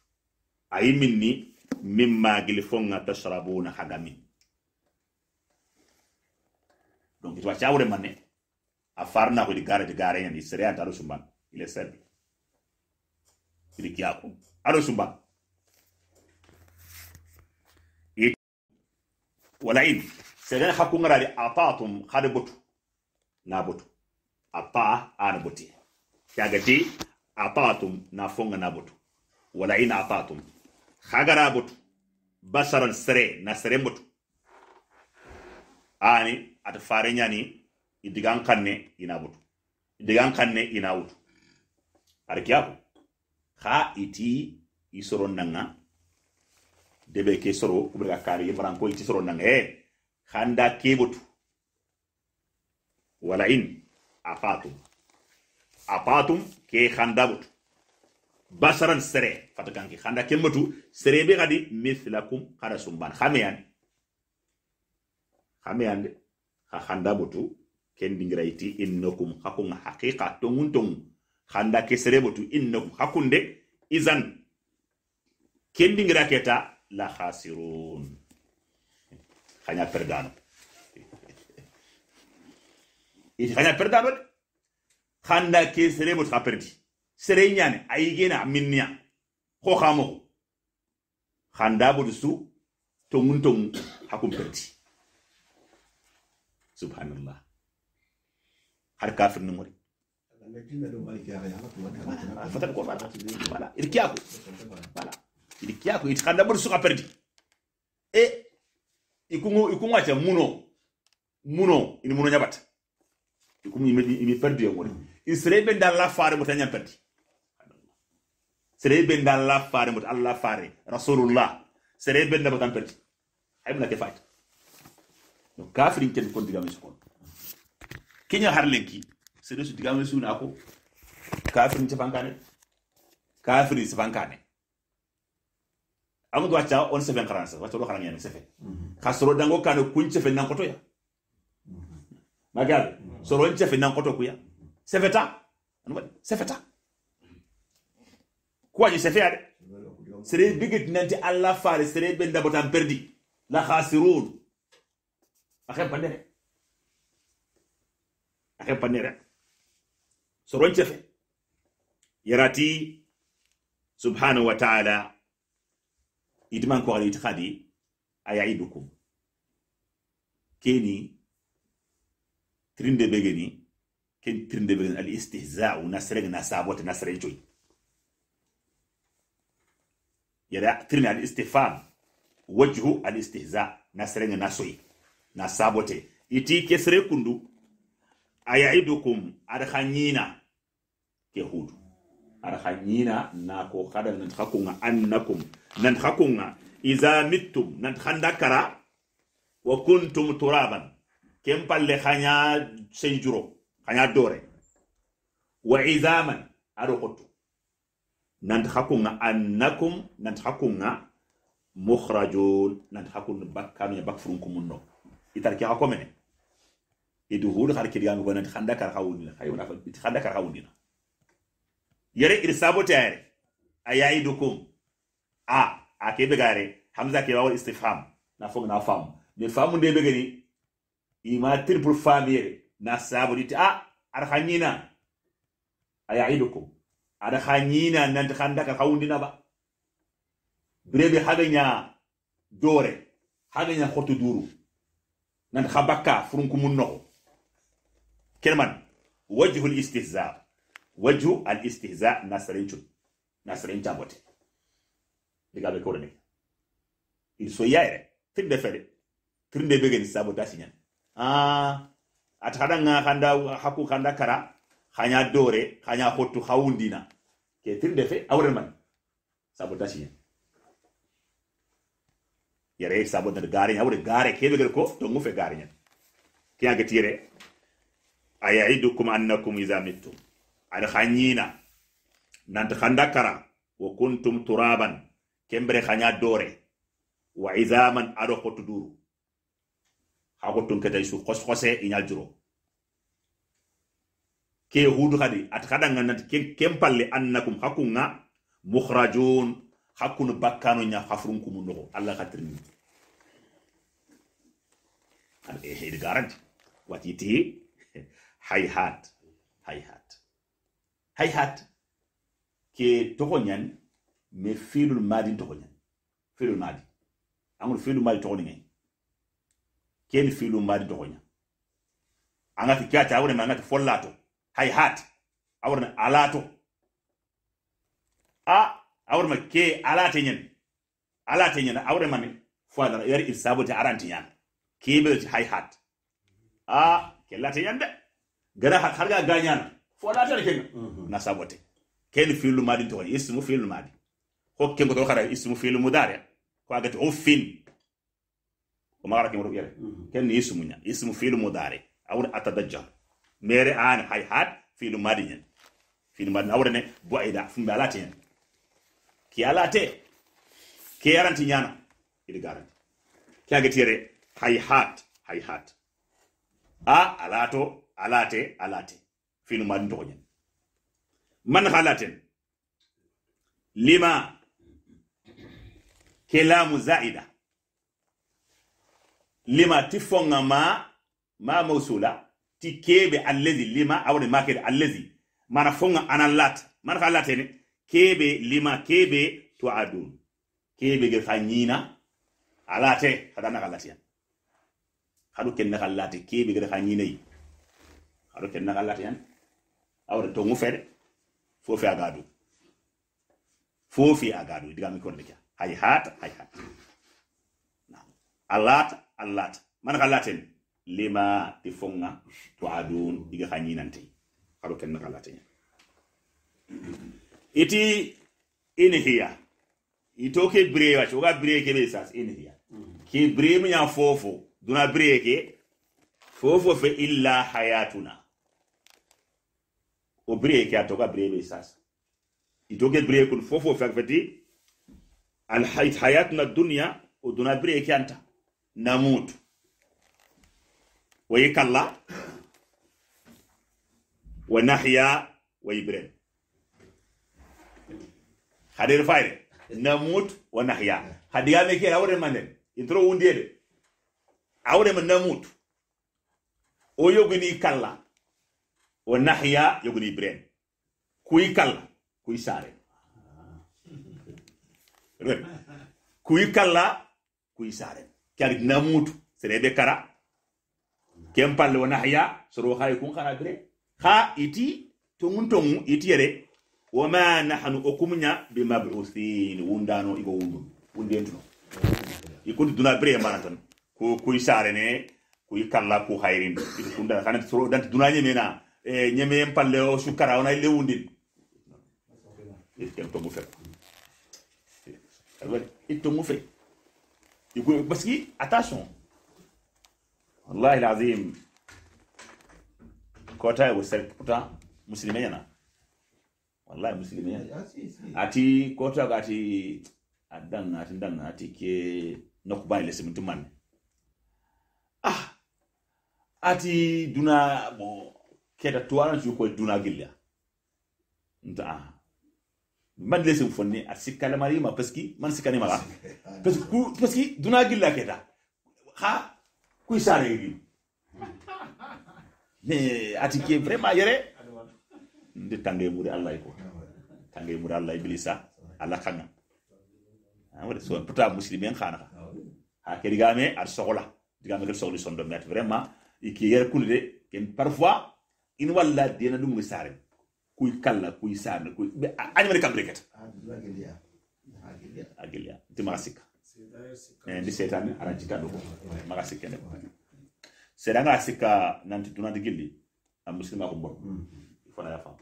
ayi min ni min ma gilifonga tashrabuna hagami donc itwa chawre manne a farna ko di gara di gara yan isere ta ro sumban ile serbi ili kiyako aro sumban walain segen hakungaradi atatum hade botu na botu ata ana boti yagati atatum na fonga na botu wala ina atatum khagara botu basaran sere na sere botu ani ata fare nyani idigan kanne ina botu idigan kanne ina wutu arkiyaku kha iti isoron nanga debe ke soro kubriga kari ibranko iti soron nanga e khanda kebotu wala in atatum apatum ke khanda basaran sere fata kanki khanda kelmatu sere be gadi mithlakum kada sumban khameyan khameyan ha butu ken dingraiti iti innakum hakun haqiqa tongun handa ke sere butu innakum hakunde izan ken dingra keta la khasirun khanya perdano khanya perdano de khanda ke sere bo ta perdi sere a nyane ayigena minniya ko khamo khanda bo su tongun tongun hakum perdi subhanallah har kafir ni mori fatan ko bala bala e irkiyako bala e irkiyako it khanda bo su ka perdi e ikungo e ikungo acha muno muno ini muno nyabata comme imi perdu e woni i sere ɓe nda allah faare mo tañan perdi sere ɓe nda allah faare mo allah faare rasulullah sere ɓe nda mo tan perdi hayɓe nake faati no kafirin ken kon digame sukon keña har lenki sere su digame suna ko kafirin sifankane kafirin sifankane amudu wacca on sefen karansa wacca ɗo karan yani sefe kasoro dango kano kuñ sefe nankotoya magaɓe soro nche fe nan koto kuya se se kwa sefeta se fe ade sere bigit nanti allah faale sere ben da botan perdi la khasirun akhe pandere akhe pandere soro nche fe yarati subhanahu wa ta'ala idman ko ali tkhadi ayaidukum kini trinde begeni ken trinde begeni al istihza'u nasreg na sabota nasreng coy yada trinde al istifam wajhu al istihza nasreng na soy na sabote iti kesre kundu ayaidukum arhanyina ke hudu na ko khadal nan khakunga annakum nan khakunga iza mittum nan khandakara wa kuntum turaban ken palle xaña senjuro xaña dore wa idaman aɗo xottu nanti xa kunga annakum nanti xa kunga mukhrajun nanti xa kun bakkanuña bak furunkumun no itar ke xa komene iduhud xar kiriyanugo nanti xan dakar xa wundina xan dakar xa wundina yere ir sabote ayere a yaidukum hamza ke bawal istifham na fog na famu nde ima tirpur famiyere na sabu sabuditi a ah, ar hanyina aya'idukum ada hanyina nanti handaka kawundina ba birebe haganya dore haganya khotu duru nanti habakka furunkumun noho kelman wajhu al-istihza wajhu al-istihza nasrinchu nasrincha bote diga be kodane il so yaire tinde fere tinde begeni sabota sinyan a ah, atakadan nga kanda haku kanda kara hanya dore hanya hotu haundina ke tirde fe awre man sabotage yare sabotage gare awre gare kebe dogel ko to ngufe gare nya ke age tire ayaidukum annakum iza mittum ada khanyina nant khanda kara wa kuntum turaban kembere khanya dore wa izaman ado hotu duru hago tun keta isu kos kose inya juro ke hudu hadi at kada ngana ken kempalle annakum hakunga mukhrajun hakun bakkano nya hafrun kum ndo Allah khatirni an eh, eh garanti wati ti hay hat hay hat hay hat ke tokonyan me filul madi tokonyan filul madi angul filul madi tokonin ken filu mari dogonya kya tawre manga to follato hay hat awrna alato a awre ma ke alate nyen alate nyen awre mane fadara yari isabote aranti nyan kebe hay hat a ke late nyen de gara hat harga ganyan follato ken mhm. na sabote ken filu mari dogonya ismu filu mari ken ko to khara ismu filu mudari ko agati fin. o magara ke wuro yere mm-hmm. ken ni isu munya isu filu mudare awu atadajja mere an hai hat filu madinya filu madna awu ne bu aida fum balate en ki alate ki garanti nyana ile garanti ki agetire hai hat hay hat a alato alate alate filu man dogne man halaten lima kelamu zaida lima ti fonga ma ma mosula ti kebe allezi lima awde market allezi mana fonga analat mana fa latene kebe lima kebe to adun kebe ge fanyina alate hadana galatia hadu kenna galati kebe ge fanyina yi hadu na galati an awde to ngufede fofi agadu fofi agadu diga mi korde kya hay hat hay hat alat allata man xalaten lima ti fonga tuadun iga xa ñinante xaro ken xalateña iti in ito ke birewa ci oga bire ke be sas ki bire mu fofo duna bire ke fofo fe illa hayatuna o bire ke atoka bire be ito ke bire kun fofo fe akfati al hayat hayatuna dunya o duna bire ke anta namutu wayi kalla wa nahya wa ibren hadir fayre namut wa nahya hadiya me kera awre manden intro undiede awre man namut o yogini kalla wa nahya yogini ibren kuyi kalla kuyi sare kuyi kalla kuyi sare kyagit na mutu serebe kara kempal palle wona haya soro hay kung kana gre ha iti tungun tungu iti yere wama nahnu okumnya bi mab'uthin wundano igo wundu wundentuno ikundi duna bre maraton ku ku isare ne ku kala ku hayrin ito kunda kana soro dan duna nyeme na e nyeme palle o sukara ona le wundi ito to itu fe Parce que, attention, wallahi lazim, kota usel kuta muslimi yana wallahi muslimi yana ati kota ati adan ati dan ati ke nokubani lesi mtu man ah ati duna bo keda tuwana chuko duna gilla ah man lese à a sikkalemari ma parce que man sikkanimala parce que parce que duna gilla keta ha mais vraiment yere nde tange muri allah ko tange allah ah, ala amore so muslimen khana ha ke digame ar digame ke vraiment parfois in walla dina kuy kalla kuy sann kuy ma ne kam reketa agilia di ti maxa sikka ndi ara aran citado ko maxa sikkene ko seeda nga sikka ah, nanti dunati gilli a ah, muslima ko bon mbor hmm. fana ya fam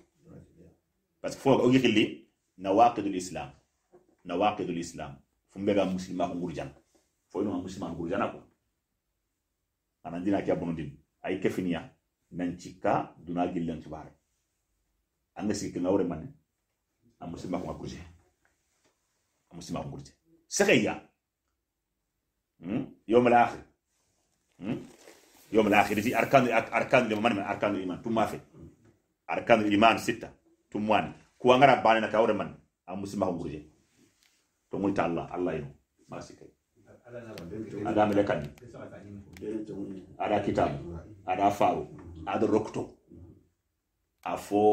parce que fo o gi xilli nawaqidul islam na nawaqidul islam fu mbega muslima ko ngur ngurjan fo ino muslima ko ngur ngurjana ko anan dina ke bonondin ay kefiniya nan ci ka gilli duna ci tibare an ga sigi na wore man an musulma ko kurje hmm yawm al hmm yawm al fi arkan arkan liman man arkan liman tumma fe arkan liman sita tumwani ko an na kawre man an musulma Allah Allah yo masikai ada melekani ada kitabu ada fawo ada rokto afo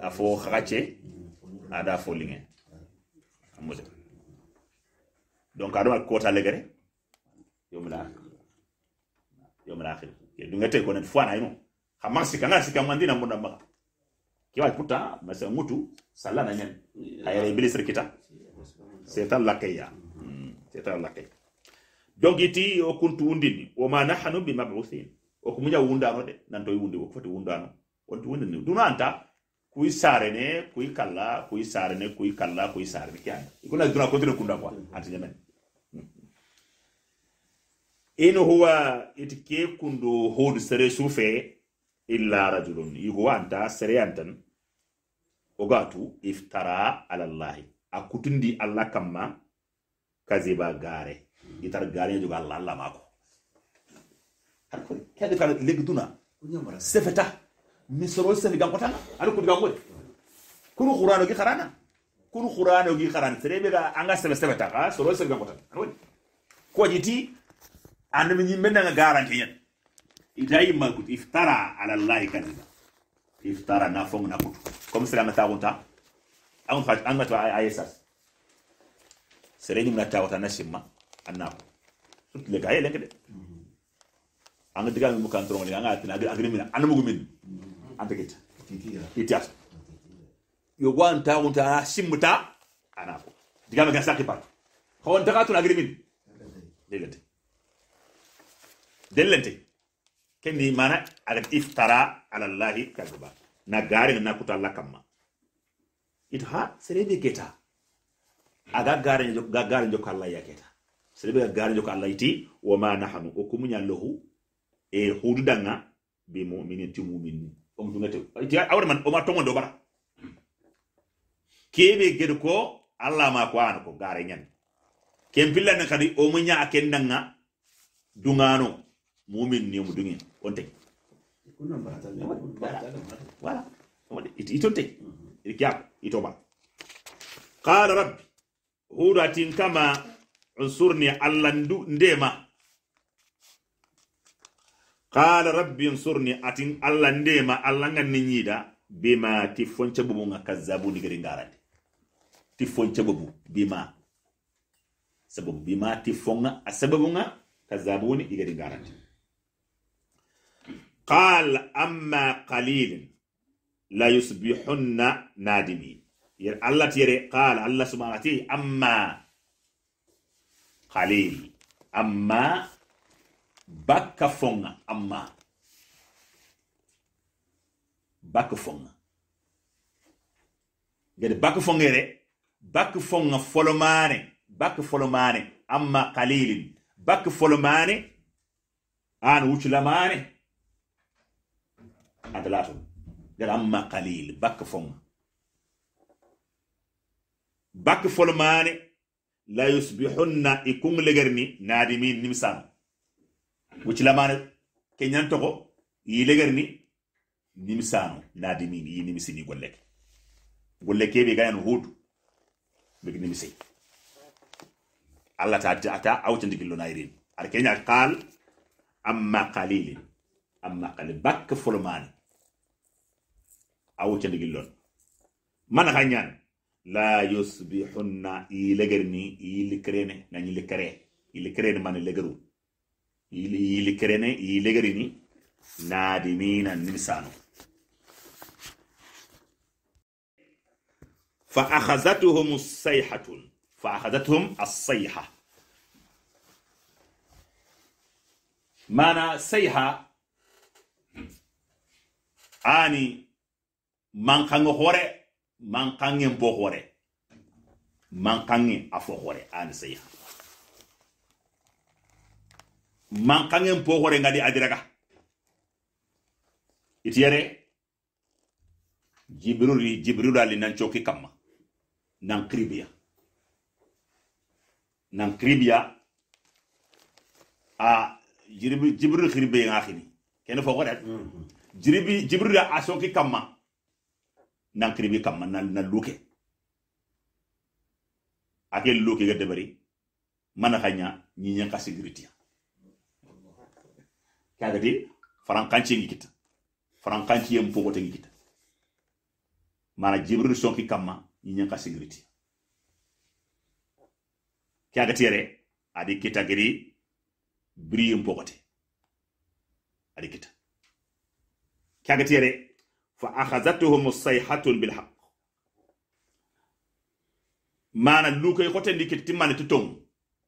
a fo xaxace ada fo liŋe a muse donc adama kota legere yomina yomina akhir ke dungete ko net fo na ino xamma sika nga sika mandina mbunda maga ki wa puta se mutu sala na nyen ayere iblis rikita setan lakaya hmm, setan lakaya donc iti o kuntu undini o ma nahnu bimab'uthin o kumuja wundano de nanto wundi ko fati wundano on tu wundini dunanta kuy sarene kuy kalla kuy sarene kuy kala kuy sarene ne anda ikuna duna kontine kunda kwa ati nyamen in huwa iti ke kundu hodu sere sufe illa rajulun yugo anta sere antan ogatu iftara ala allahi akutundi allah kamma kaziba gare itar gare juga allah allah mako har ko kadi kana legduna sefeta misoro senigankotanga ani kudigangore kunu khurano gi kharana kunu khurano gi kharana serebega anga sebe sebe taka ah, soro senigankotanga anoni ko jiti an mi nyimena nga garan kenyan idai magut iftara ala allah kadina iftara na fong na kutu comme cela ngata kunta an fa an ngata ayesas sereni ngata wata na shimma annako sut le gaye le kede mm-hmm. an diga mu kan tronga anga atina agrimina an mugumin mm-hmm. adagita itias yogwa nta unta simmuta anako digame gan saki bat hon taka tun agrimin delente delente kendi mana agat iftara ala llahi kadba na gare na kuta allah kamma ita ha serebe geta aga gare ga gari jokka allah ya keta serebe ga gari jokka allah iti wa ma nahnu okumunya lahu e hududanga bi mu'minin ti mu'minin om awre man oma tongo do bara kebe ged ko alla ma ko an ko gare nyen kem pilla nan kadi o munya akendanga dungano mumin ni mu dungi onte kunna barata ni wala itonte ikyako itoba qala rabbi huratin kama unsurni allandu ndema qala rabbi ansurni atin allah ndema allah nga ni bima ti fonce bubu nga kazzabu nigiri ngarande ti fonce bubu bima sababu bima ti fonga a sababu nga kazzabuni igari ngarande qal amma qalilin la yusbihunna nadimi yer allah ti yere allah subhanahu wa ta'ala amma qalil amma bakka fonga amma bakka fonga gede bakka fongere bakka fonga folomane bakka folomane amma qalilin bakka folomane an wuculamane adalatum gede amma qalil bakka fonga bakka folomane la yusbihunna ikunlegerni nadimin nimsano wucilamane keñantoxo yi legerni nimisano nadimini yi nimisini golleke golle kebe gayan hudu big nimisi allah ta ata awtandi gillo nayrin ar kenya qal amma qalilin amma qal bak fulmani awtandi gillon man hanyan la yusbihunna ilegerni ilikrene nani likare ilikrene man legeru ili ili kerene ile garini nadimina nimsano fa akhazatuhum as-sayhatun fa akhazatuhum as-sayha mana sayha ani man mankango hore man mankange mbo hore man mankange afo hore ani sayha mankangen pohore ngadi adiraga iti yere jibril jibril ali nan coki kamma nan kribia, nan kribia. a jibril kribia ngakini kene fo godat hmm. jibril jibril a choki kamma nan kribia kamma nan na luke ake luke ga debari mana hanya nyinya ka security kagati farankanci ngi kita farankanci yem fogo te ngi kita mana jibril sonki kamma nyen ka security kagati yere adi kita giri bri yem fogo te adi kita kagati yere fa sayhatun bil haqq mana lukay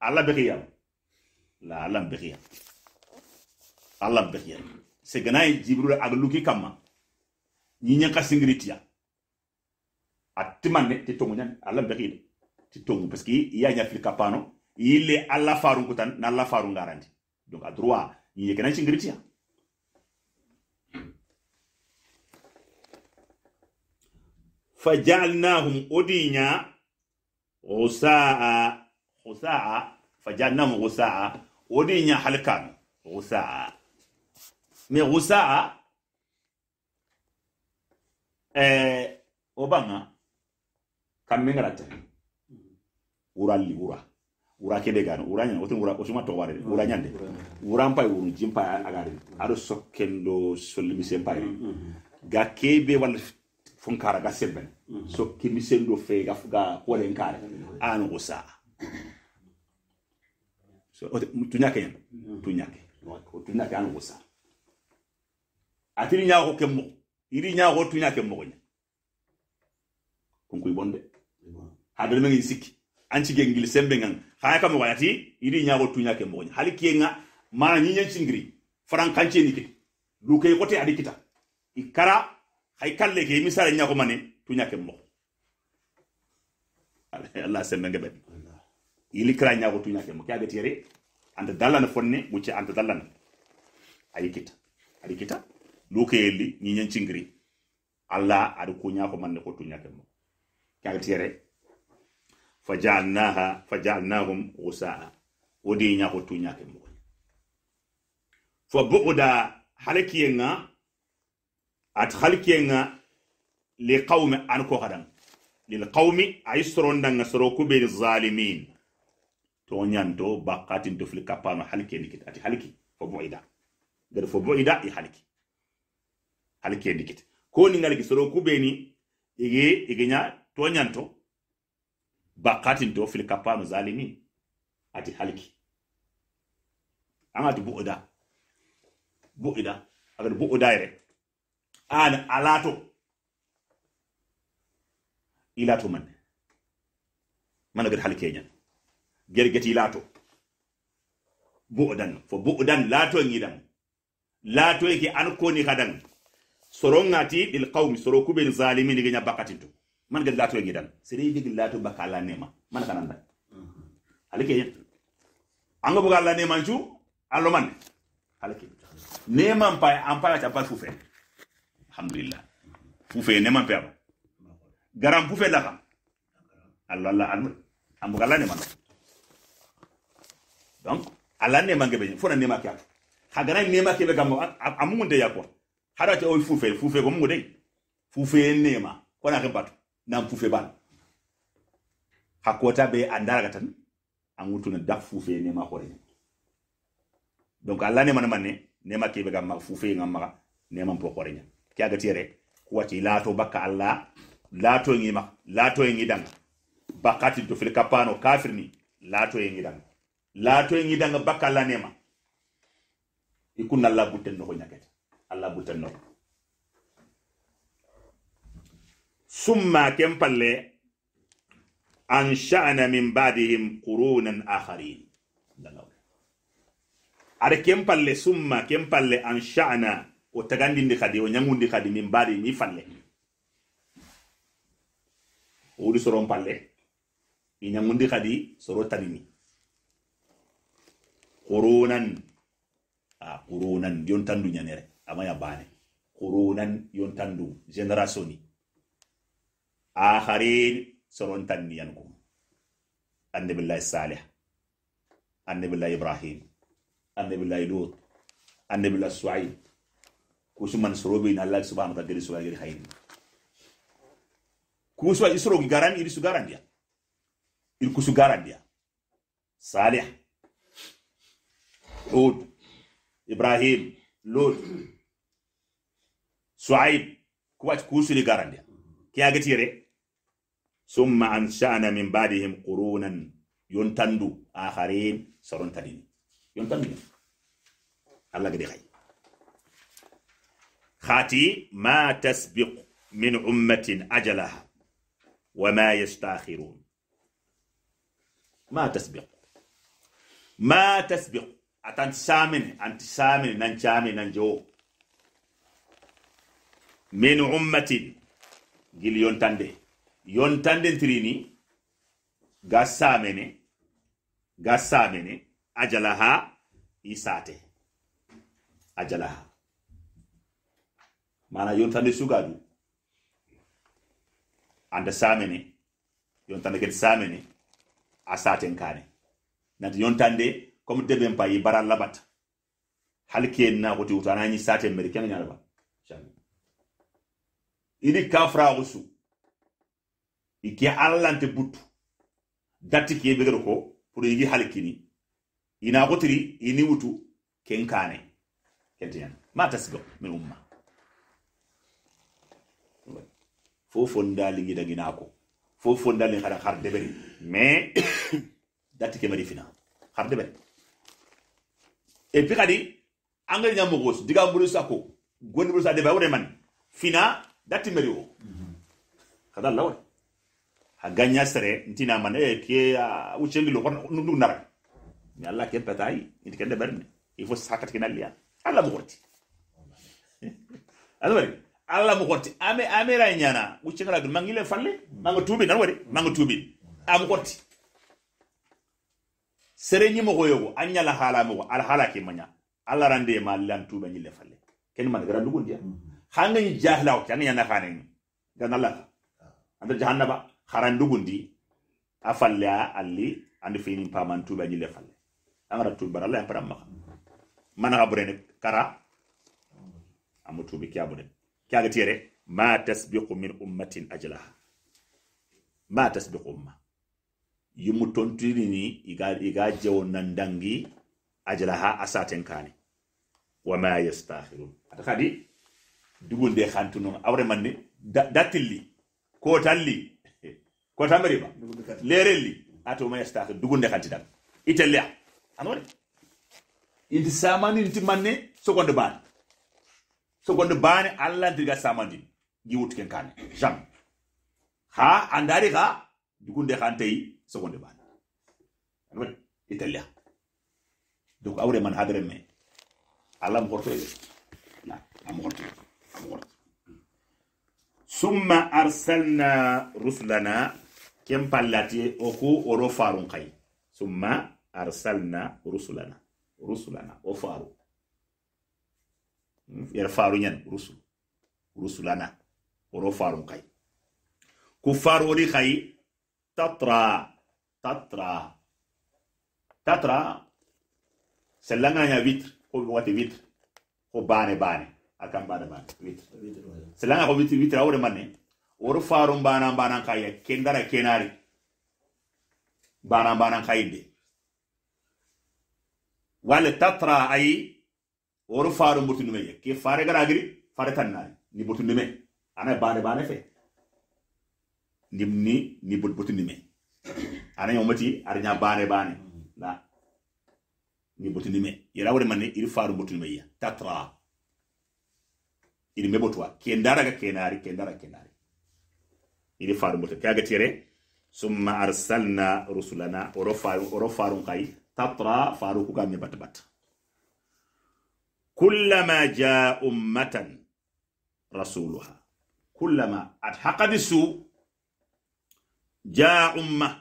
alla la alla allah se ganay jibril ag luki kamma ni nyanka singritiya atimane ti tongu ñan allah bekhir ti tongu parce que iya ñi fi kapano ile allah faru kutan na allah faru ngarandi donc a droit ni yeganay singritiya fajalnahum odinya usaa usaa fajalnahum gusaa odinya halkan usaa mirusaa eh, wo banga kamme ngarata ura kede gano ura nyana otin ura osuma to ware ura nyande ura mpa uru jimpa agare aro sokkendo solmi sempai mm-hmm, mm-hmm. ga kebe wal funkara ga sembe so kimi sendo fe ga fuga kore nkare an usa so mm-hmm. tunyake tunyake tunyake an usa atiri ñaaxo ko kemmo iri ñaaxo tuña ke moxoña kuy bonde hadarmengi sikki ancige ngil sembe ngang xaya kam wayati iri ñaaxo tuña ke moxoña hali kanche mana ke farankanceni kay ko te adi kita i kara xay kalle ke misale ñaaxo mane tuña ke moxo allah sembenge be ili kra ñaaxo ko tunya kemmo ke agati yere anta dallana fonne ci ante dalana ayi kita aɗi kita lukeyelli ñiñen cingiri alla aɗa kuña ko manne ko tuñake mo kaltiyere fa jaalnaha fa jaalnahum gusaa wo di ña ko tuñake mo fa buuda hale kiyenga at hale kiyenga li qawmi an ko xadan lil qawmi ay sorondanga soro kubeni zalimin to ñanto bakkatin dofli kappano hale kendi kit ati halki fo buida gada fo buida i halki al kendi ko ni ngal gi soro kubeni ige igenya to nyanto bakatin to fil kapano zalimi ati halki oda bu ida agar oda ire an alato ilato man man agar halki nyan gergeti ilato odan fo odan lato ngidam lato yake an koni kadan soro ngati il qawmi soro kubel zalimi ni ganya bakatinto man gad latu ngi dan yi bi gil baka la nema man kanan nda halike mhm. yi anga buga la nema ju allo man halike nema mpa ampa ta pa fufe alhamdulillah fufe nema mpa ba garam fufe la kam allah allah an am buga la nema donc ala nema ngebe fona nema kya hagana nema kebe gamo amunde yakwa hara ta oy fufe fufe ko mungu dai fufe nema kona kan batu nan fufe ban hakota be andara gatan an wutu na dak fufe nema hore donc alla ne man manne nema ke be gamma fufe ngamma nema mpo hore nya kya ko kuwati lato bakka alla lato ngima lato ngidanga bakati do fil kapano kafirni lato ngidanga lato ngidanga bakka alla nema ikunna la butten no nyakete alla butenno summa ken palle ansha'na min badihim qurunan akharin are ken palle summa ken palle ansha'na o ndi khadi o nyangundi kadi min baadi ni falle o di soron palle i nyangundi kadi soro tanini qurunan a ah, qurunan jontandu nyanere amaya bane qurunan yontandu generationi akharin sorontanni yankum annabillahi salih annabillahi ibrahim annabillahi lut annabillahi suaib kusuman sorobe na allah subhanahu wa ta'ala suwa gari hayin kusuwa isro garan iri su garan dia iri kusu garan dia salih lut ibrahim lut سعيد كوات كوسلي غاراند كي اغتي ري ثم انشانا من بعدهم قرونا ينتندو اخرين سرون تدين ينتندو الله غدي خاي خاتي ما تسبق من امه اجلها وما يستاخرون ما تسبق ما تسبق اتان سامن انت سامن نان سامن نان جو min ummatin gil yontande yontande tirini ga samene ga samene ajalaha isate ajalaha mana yontande sugadu anda samene yontande ket samene a saten kane nanti yontande comme pa yi baral labat halken na hoti wutanañi saten meri kene ñalaba idi su i ke allante butu datti ke begero ko pour igi halikini ina xotiri ini wutu ken kane kentiyan ma tasgo min umma fo fondaligidagina e ko fo fondalin xara xar deɓeri mais datti ke mari fina xar deɓeri et puis xadi angari ñamoxos diga mburu sako gondi mburu sa deɓa wo man fina dati meri o kada lawa ha ganya sere na mane e ke u chengi lo kono ndu nara ni alla ke patai nti kende berne il faut sakat ke nalia alla mo korti alla bari alla mo korti ame ame ra nyana u chengi la mangile falle mango tubi na wari mango tubi am korti sere ni mo goyo anya la hala mo al hala ke manya alla rande ma lan tubi ni le falle ken man gara dugun dia mm -hmm. hangin jahla ko tani yana khanen dan Allah anda jahannaba dugundi afalla alli andi fini paman tuba jile falle amara tuba Allah para makka mana ne kara amu tubi kya bude kya ga tiere ma tasbiqu min ummatin ajlaha ma tasbiqu umma yimu ni iga iga jewo nandangi ajlaha asaten kani wa ma yastakhirun atakadi dugunde xantu noon awre manne datilli kotalli kotamariba lerelli ato ma yastaka dugunde xanti dan itelli a anore inti samaninti manne seconde baane seconde diga samani samandin giwut ken kane jam ha andari ha dugunde xanteyi seconde baane anore itelli a donc awre man hadre me alam hortoye am hortoye summa arsalna rusulana ken pallati o ku oro farun kay summa arsalna rusulana rusulana o faru hmm, yer faru nyen rusul rusulana oro farun kay ku faru ri kay tatra tatra tatra Selanganya ya vitre ko wati vitre ko bane bane akan bada ma selanga ko witi witi awre manne or faro bana bana ka ya kendara kenari bana bana ka inde wale tatra ay or faro murti numen ya ke fare gara giri fare tanari ni burti numen ana bana bana fe ni ni ni burti numen ana yomati arnya bana bana mm. na ni burti numen ya awre manne ir faro burti numen ya tatra ini mebotwa ga kenari kendara kenari ini faru mota kaga tire summa arsalna rusulana oro faru oro faru kai tatra faru kuga me bat kullama ja ummatan rasuluha kullama athaqadisu ja umma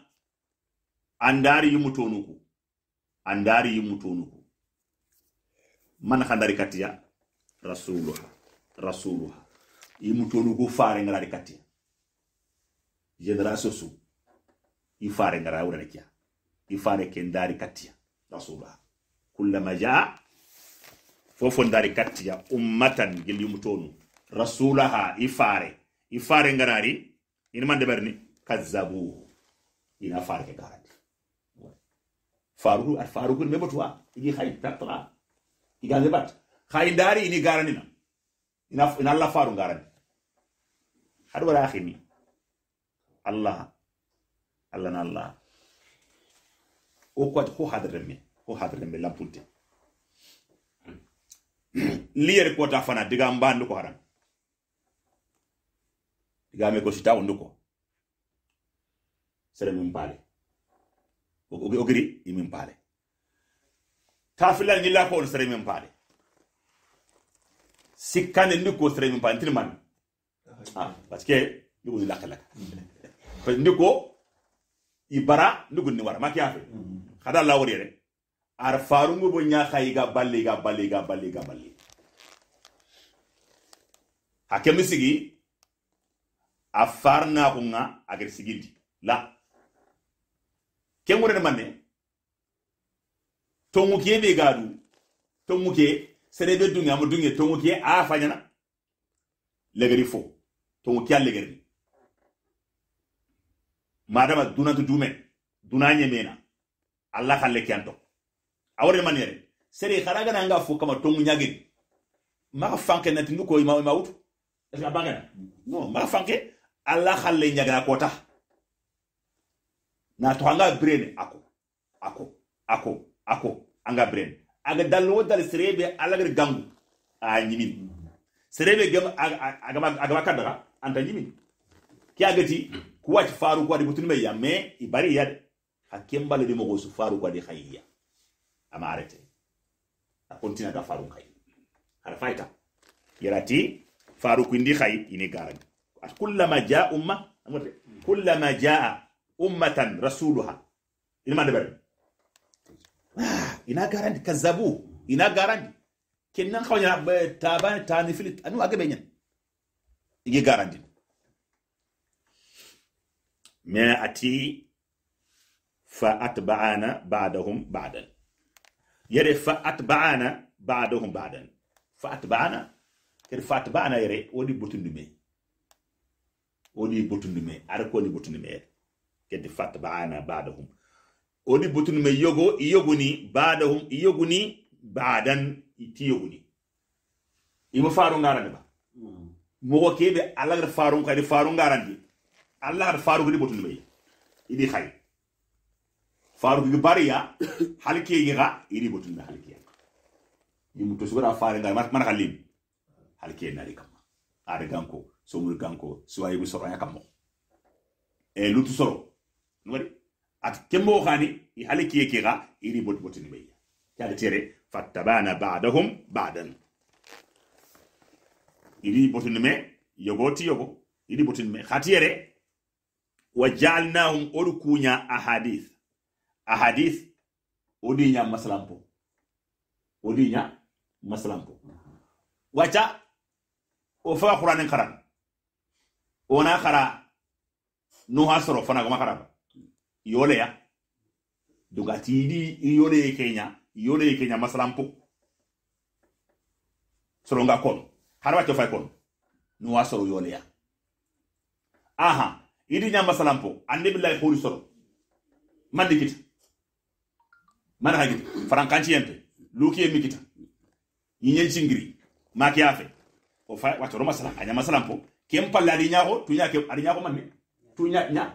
andari yumutonuku andari yumutonuku man khandari katia rasuluha rasuluha i mutonugu farengarari kati jenera su i farengara wurare kiya i fare kendari kattiya rasuluha kullama jaa fofondari kattiya ummatan gillimu tonu rasulaha i fare i fare ngarari ina mande berni kazzabuhu ina fare ke garandi farugu ar farugu ne botwa igi hay tatra iga lebat hay dari ini garani na ina ina Allah faru ngaran hadu wala akhimi Allah Allah na Allah o ko ko mi ko hadremme lampunte liyere ko ta fana diga mbandu ko haram diga me ko sita ondu ko sere min pale o giri min pale tafilal la ko sere min pale si sikkane ndi ko sere min pantir man ah parce que ndi ko laka laka parce ndi ko ibara ndi ko ni wara makiya fe kada la wori re ar farungu bo nya khayi ga balle ga balle ga balle ga balle hakem sigi a n'a ko nga agar sigindi la ken wori manne tongu ke be gadu tongu ke sere be dunga mo dunga tongo ke a fanyana legeri fo tongo a legeri madama duna tu dume duna nye nyemena alla kalle kyanto awre manere sere kharaga nga fo kama tongo nyagin ma fanke na tindu ko ima ima wut est ce bangana no ma fanke alla khalle nyagra kota na to anga brene ako ako ako ako anga brene aga dalwo dal serebe alagar gangu a nyimin serebe gam a agama kadara anta nyimin ki a kuwa ci faru kwa di butun me ya me ibari ya hakem bal di mogo su faru kwa di a ama arete a kontina ga faru khay har faita yarati faru kwindi khay ini garag kullama jaa umma amre kullama jaa ummatan rasuluha ilma bari ina ka zabu ina garandi ta ba ta ni filit anu aga benyan ige garanti. me ati fa atba'ana ba'dahum ba'dan yare fa atba'ana ba'dahum ba'dan fa atba'ana kir fa atba'ana yare wodi botundume wodi botundume ar ko ni botundume kedi fa atba'ana ba'dahum oni me yogo iyoguni badahum iyoguni badan ti yoguni ima faru ngarande ba hmm. mogo kebe alagar faru kadi faru ngarandi alagar faru gidi butunume idi khay faru gidi bariya halke yiga idi butunna halke yimu ya. to sugara faru ngar mar khalim halke ya nari kam are ganko somul ganko suwayi bu soro yakam e eh, lutu soro ngari ati kembo khani i hali halaki ke ga iri bot botin bayya ya da tere fattabana ba'dahum ba'dan iri botin me ti yogo iri botin me khatiere wajalnahum odu kunya ahadith ahadith odi nya masalampo odi nya masalampo wacha o fa qur'anin karan ona khara nuha soro fana goma khara yole ya duga tidi yole kenya yole kenya masalampu soronga kon harwa to kono, kon no wasoro ya aha idi Nya masalampu, ande billahi khori soro mande kita man ha kita frankanci luki yemi kita yinyen singiri maki afe o fay watoro masalampu, anya masalampo kempa palla di tunya ke adi nyaako manne tunya nya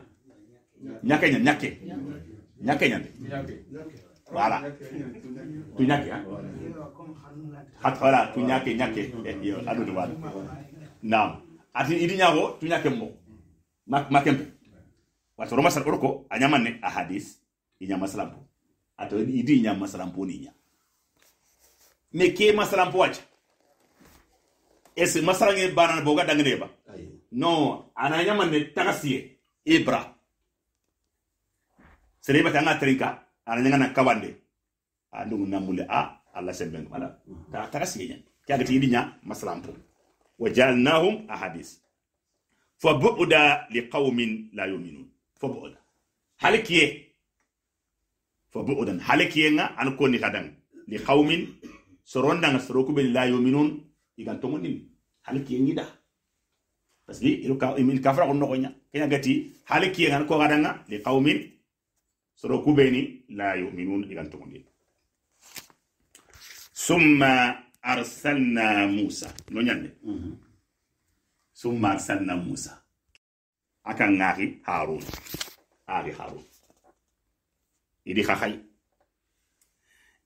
Nyake ñan nyake nyake, ñan voilà tu nyake ha hat wala tu nyake nyake, eh, yo adu do wala nam ati idi ñago tu nyake mo mak makem wato roma sal orko anyamanne ahadis inya masalampo ato idi inya masalampo ni nya me ke masalampo wacha ese masalange banan boga dangne ba no ananya ne tagasiye ibra sereba tanga trinka ana nyanga na kawande ah, na mule a ah, alla semben mala hmm. ta ta kasinya kyaga ti dinya masalam to wajalnahum ahadis fa bu'da liqaumin la yu'minun fa bu'da halikiye fa bu'dan halikiye nga an ko ni kadang li qaumin soronda nga soroku bil la yu'minun igan to ngonim halikiye ngida parce que il ka il kafra ko nokonya kenya gati halikiye nga anu ko kadanga li qaumin soro kubeni la yuminun igan togondi summa arsalna musa no -hmm. summa arsalna musa akan ngaki harun ari harun idi khahay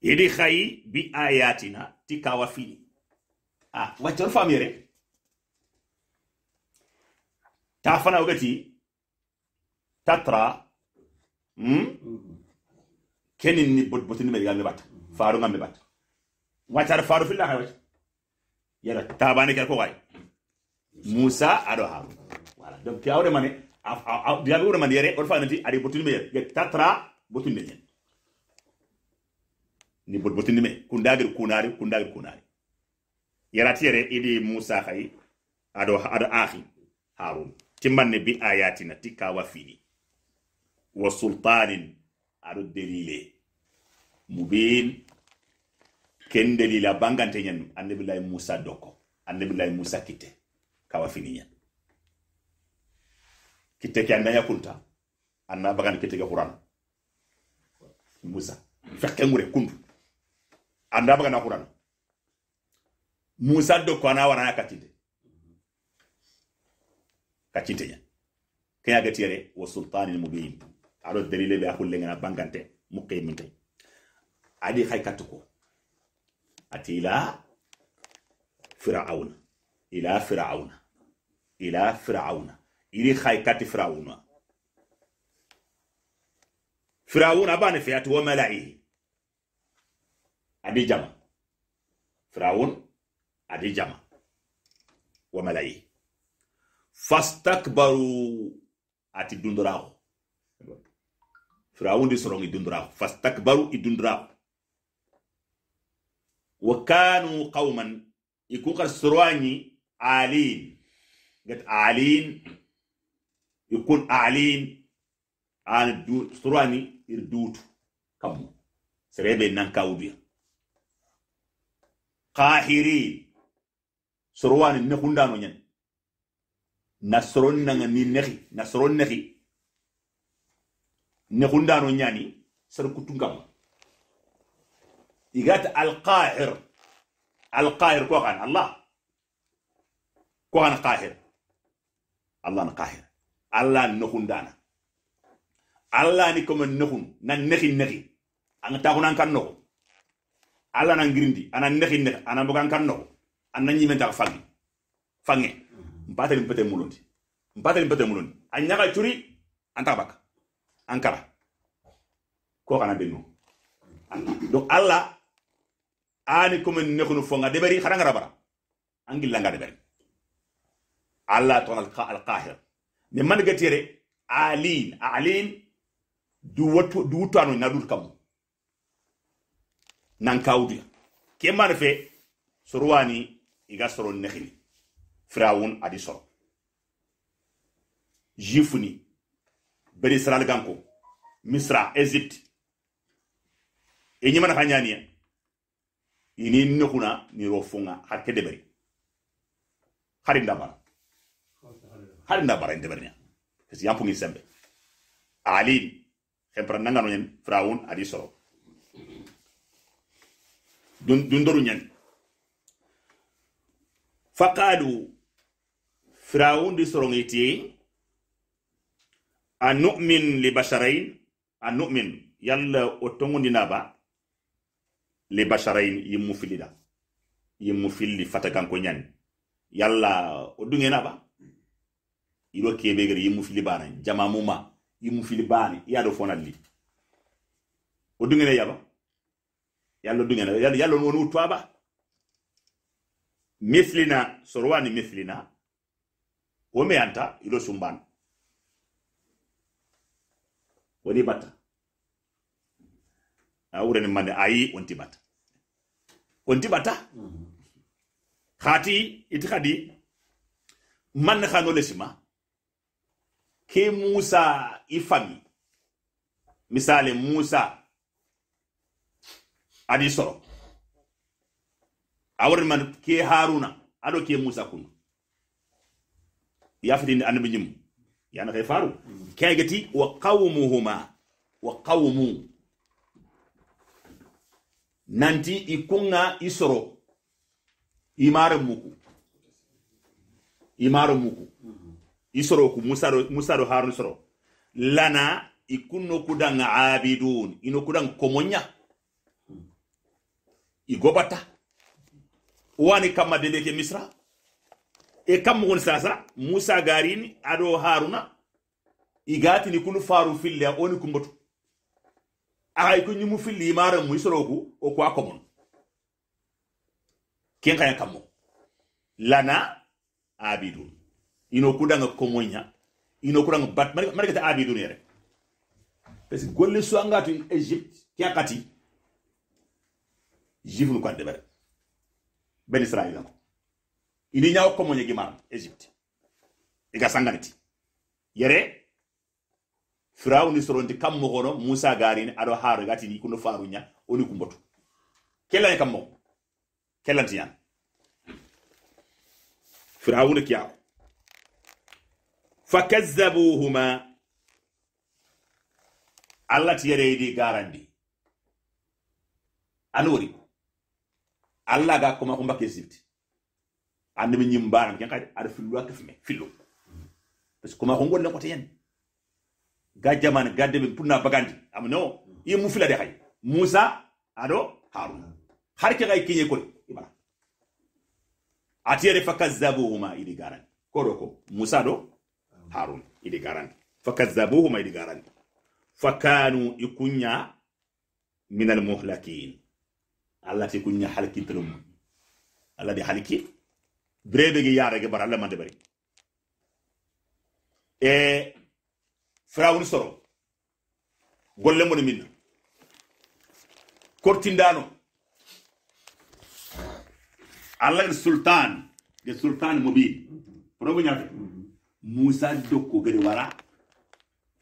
idi khayi bi ayatina tikawa fini ah wajar famire ta fana tatra Hmm? keni ni bot botini me gamme bat faru nga bat wacar faru filla hay yara tabane ker ko way musa ado ha wala donc ki awre mane diabe wure mane yere on fanati ari botini me yere tatra botini me ni bot ni me kundagir kunari kundagir kunari yara tiere idi musa hay ado ado akhi harun timmanne bi ayatina tikawa fini wa sultanin aɗo delile mubin ken delila bangante ñan annabillahi musa dokko annabillahi musa kitte kawa fini ñan kitte ke andaña kunta anna bagandi kitte ke qur'an musa fekke ngure kundu anda bagana qur'an musa dokko ana warana katinde katinte ñan kenya getiyere wa sultanin mubin aɗo dalile ɓe a hullengana bangante mukke min tay adi hay kattu ko ati ila firauna ila firauna ila firauna iri hay katti firauna firauna bane fe ati wo malaihi adi jama firaun adi jama wo malaihi fastakbaru ati dundoraxo firawundi soron idundura fastakbaru idundura wa kanu kauman ikun kar sorwani alin gat alin ikun alin an du sorwani irdutu kamu, serebe nan kawbiya qahirin sorwani ne kundano nyen nasoron nanga nekhi nasron nekhi nexundano ñani sar kutun kam igata alqahir alqahir ko xan allah ko xan qahir allah na qahir allah nexundana allah ni comme nexun na nexi nexi anga taxunan kan noxo allah na ngirindi ana nexi nexi ana mbogan kan noxo anna ñimentaxa fangi fange mbatalim pete mulundi mbatalim pete mulundi a ñaxa curi an antaxa bakka ankara ko kana benno donc alla ani comme ne khunu fonga de bari kharanga bara angi langa de bari alla to al qahir ne man gatere alin alin du watu du wutano na dul kam nan kawdiya ke man fe sorwani iga soro nekhini firawun adi soro jifuni bari sral ganko misra egypte e ñimana fa ya? ini nokuna ni ro funga har kede bari hari ndabara hari ndabara ndebari nya kasi yampu ngi sembe alin hempra no nyen fraun adi soro dun dun doru nyen faqalu fraun di soro ngiti anu'min li basharain anu'min yalla o tongondina ba li basharain yimmu filida yimmu filli fatakan ko nyani yalla o dungena ba ido kebe gari yimmu fili bana jama muma yimmu fili bani yado fonalli o dungena yaba yalla dungena yalla yalla wonu twaba mislina sorwani mislina o me anta ido sumban wani bata a wurani a yi wani bata onti bata hati iti hadi man khano lesima ke musa ifami misali musa adi soro a wurin man ke haruna ado ke musa kunu yafitinde annabi jimmu yana kai faru kai gati wa qawmuhuma wa qawmu nanti ikunga isoro imaru muku imaru muku isoro ku musaro musaro harun soro lana ikunno kudang abidun ino kudang komonya igobata wani kama dende ke misra e kammogon sasa musa garini Ado haruna ni kunu faru fille a oni kumbotu ay ko ñumu filli imaran mu isoroku o ko komon ken kayan kam lana abidun ino kudanga Komonya ino kudanga bat mari ta abidun yere parce que golle so angatu egypte ken kati jifnu kan debere ben israila ko ini ñawo komoñe gimara égypte iga sanganiti yere ni soronti kam mogono musa garini aɗo haaro igatini ikundo faruña oni kumbotu kellañe kam mogo kellantiñan ni kiyawo fakazzabuhuma allah ti yereydi garandi anori allah ga kuma ko mbakke ande min nyim baram ken kadi ada fillu ak fime fillu parce que kuma ko ngol ko tayen ga jaman gadde be punna bagandi amno ah, yi e mu fila de hay musa ado harun har ke gay e kinye ko ibara e atiyere fakazzabuhuma ili garan kodo ko musa do harun ili garan fakazzabuhuma ili garan fakanu ikunya min almuhlakin allah tikunya halkin tulum allah di halki brebe ge yare ge baralla mande bari e frawun soro golle mon minna kortindano allah sultan de sultan mubin probo nyaate musa dokko gede wara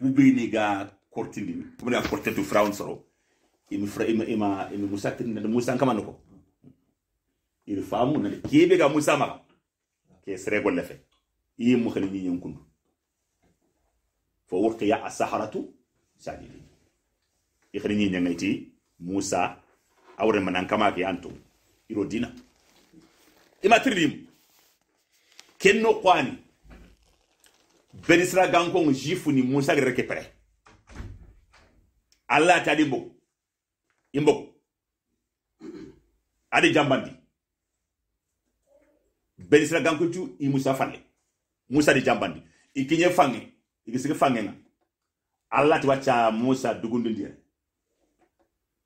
ubini ga kortindi ko na kortetu frawun soro imi fra imi ima imi musa tinna musa kamano ko il famu na kebe ga musa maka ke sere lefe fe i mu xel ni kundu fo wurqiya as-saharatu sajidi i xel ni nyangaiti musa awre manan kama ke anto iro dina ima tirlim kenno qani benisra gankon jifu ni musa gere ke pre allah tadi mbogo imbo adi jambandi beni sira ganko tu i musa falle musa di jambandi i kiñe fange i gi sigi fange nga alla ti wacca musa dugundi ndiye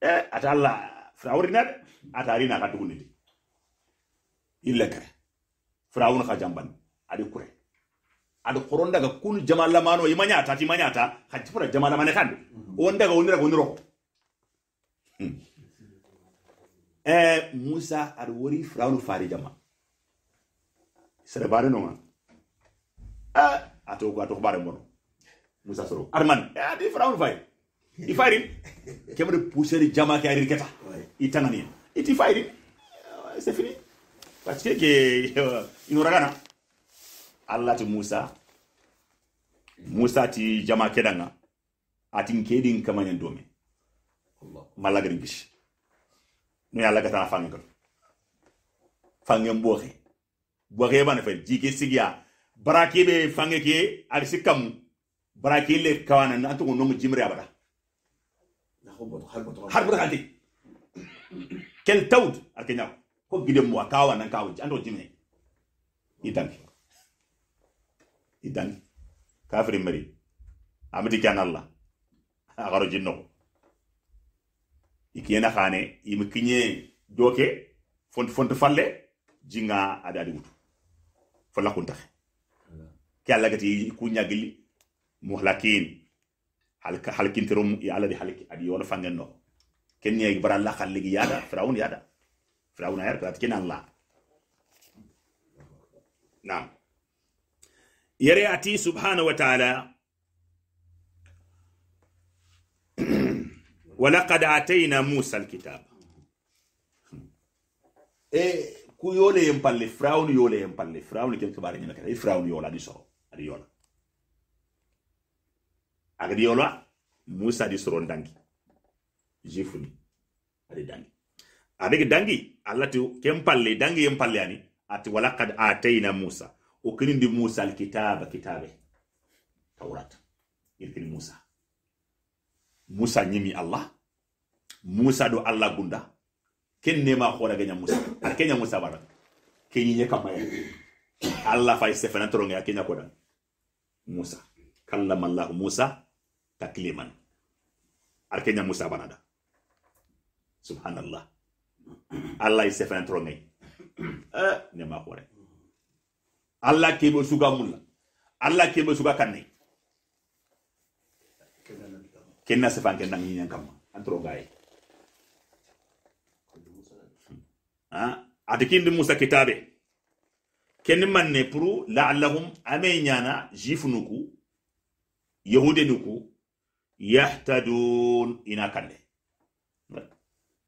eh ata alla firawrina de ata arina ka dugundi di ille kere firawuna ka jambandi adi kure adi koron daga kunu jamalamano ima ñata ti ima ñata ha jifura jamalamane kandi mhm. on daga oniraga oniroko hmm. eh musa aɗa wori firawnu fari jamaa sere bare no ah ato ko ato bare mono musa soro arman ah di faraun fay i fayrin kemre pousser jama ke arir keta i tangani iti fayrin c'est fini parce que ke euh, inoragana allah ti musa musa ti jama kedanga atin kedin kamanyen domin malagarin gishi no ya lagata na fangin kan wagebane fe jike sigia baraki be fange ke alisi sikam baraki le kawana na to nongo jimre abada har bota kalti kel tawd arkenya ko gide mo kawa kawo ando jimne idan idan kafri mari amadi kan allah agaro jinno ikiyena khane imkinye doke font font falle jinga adadi wutu falla kuntaxe ke alla gati ku ñagili muhlakin halka halkintirum ya alla di halki adi wala fangen no ken ne bara la khalligi yada firaun yada firaun ayar kat ken alla nam yare ati subhanahu wa ta'ala ولقد اتينا موسى الكتاب ايه ku yole yen palle frawni yole yen palle frawni ken kibare ñina kata i e frawni yola di soro adi yola agadi yola musa di soro dangi jifuni adi dangi adigi dangi allati e ken palle dangi yen palle ani ati walakad atayna musa o kinindi musa alkitaba kitabe taurat irkini musa musa ñimi allah musa do allah gunda ken nema khora ganya musa ar kenya musa bara kenyi ne kama ya allah fa istefana ya kenya koda musa kallama allah musa takliman ar kenya musa barada. subhanallah allah istefana toronge eh nema khora allah kebo suga mulla allah kebo suga kanne kenna sefan kenna nyinya kama antoro ya ati kindi musa kitabe kenni manne puru laallahum ame ñana jifu nuku yahude nuku yahtadun ina kande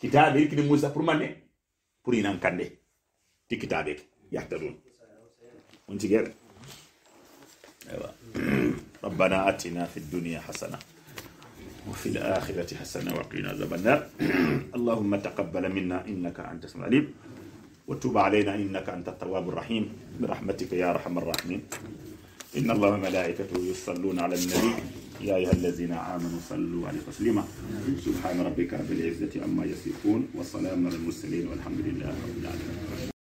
kitabe kini musa pur manne pur ina kande ti kitabe yahtadun untiger ايوه ربنا اتنا في الدنيا حسنه وفي الآخرة حسنة وقنا عذاب النار اللهم تقبل منا إنك أنت السميع العليم وتوب علينا إنك أنت التواب الرحيم برحمتك يا أرحم الراحمين إن الله وملائكته يصلون على النبي يا أيها الذين آمنوا صلوا عليه وسلم سبحان ربك رب العزة عما يصفون وسلام على المرسلين والحمد لله رب العالمين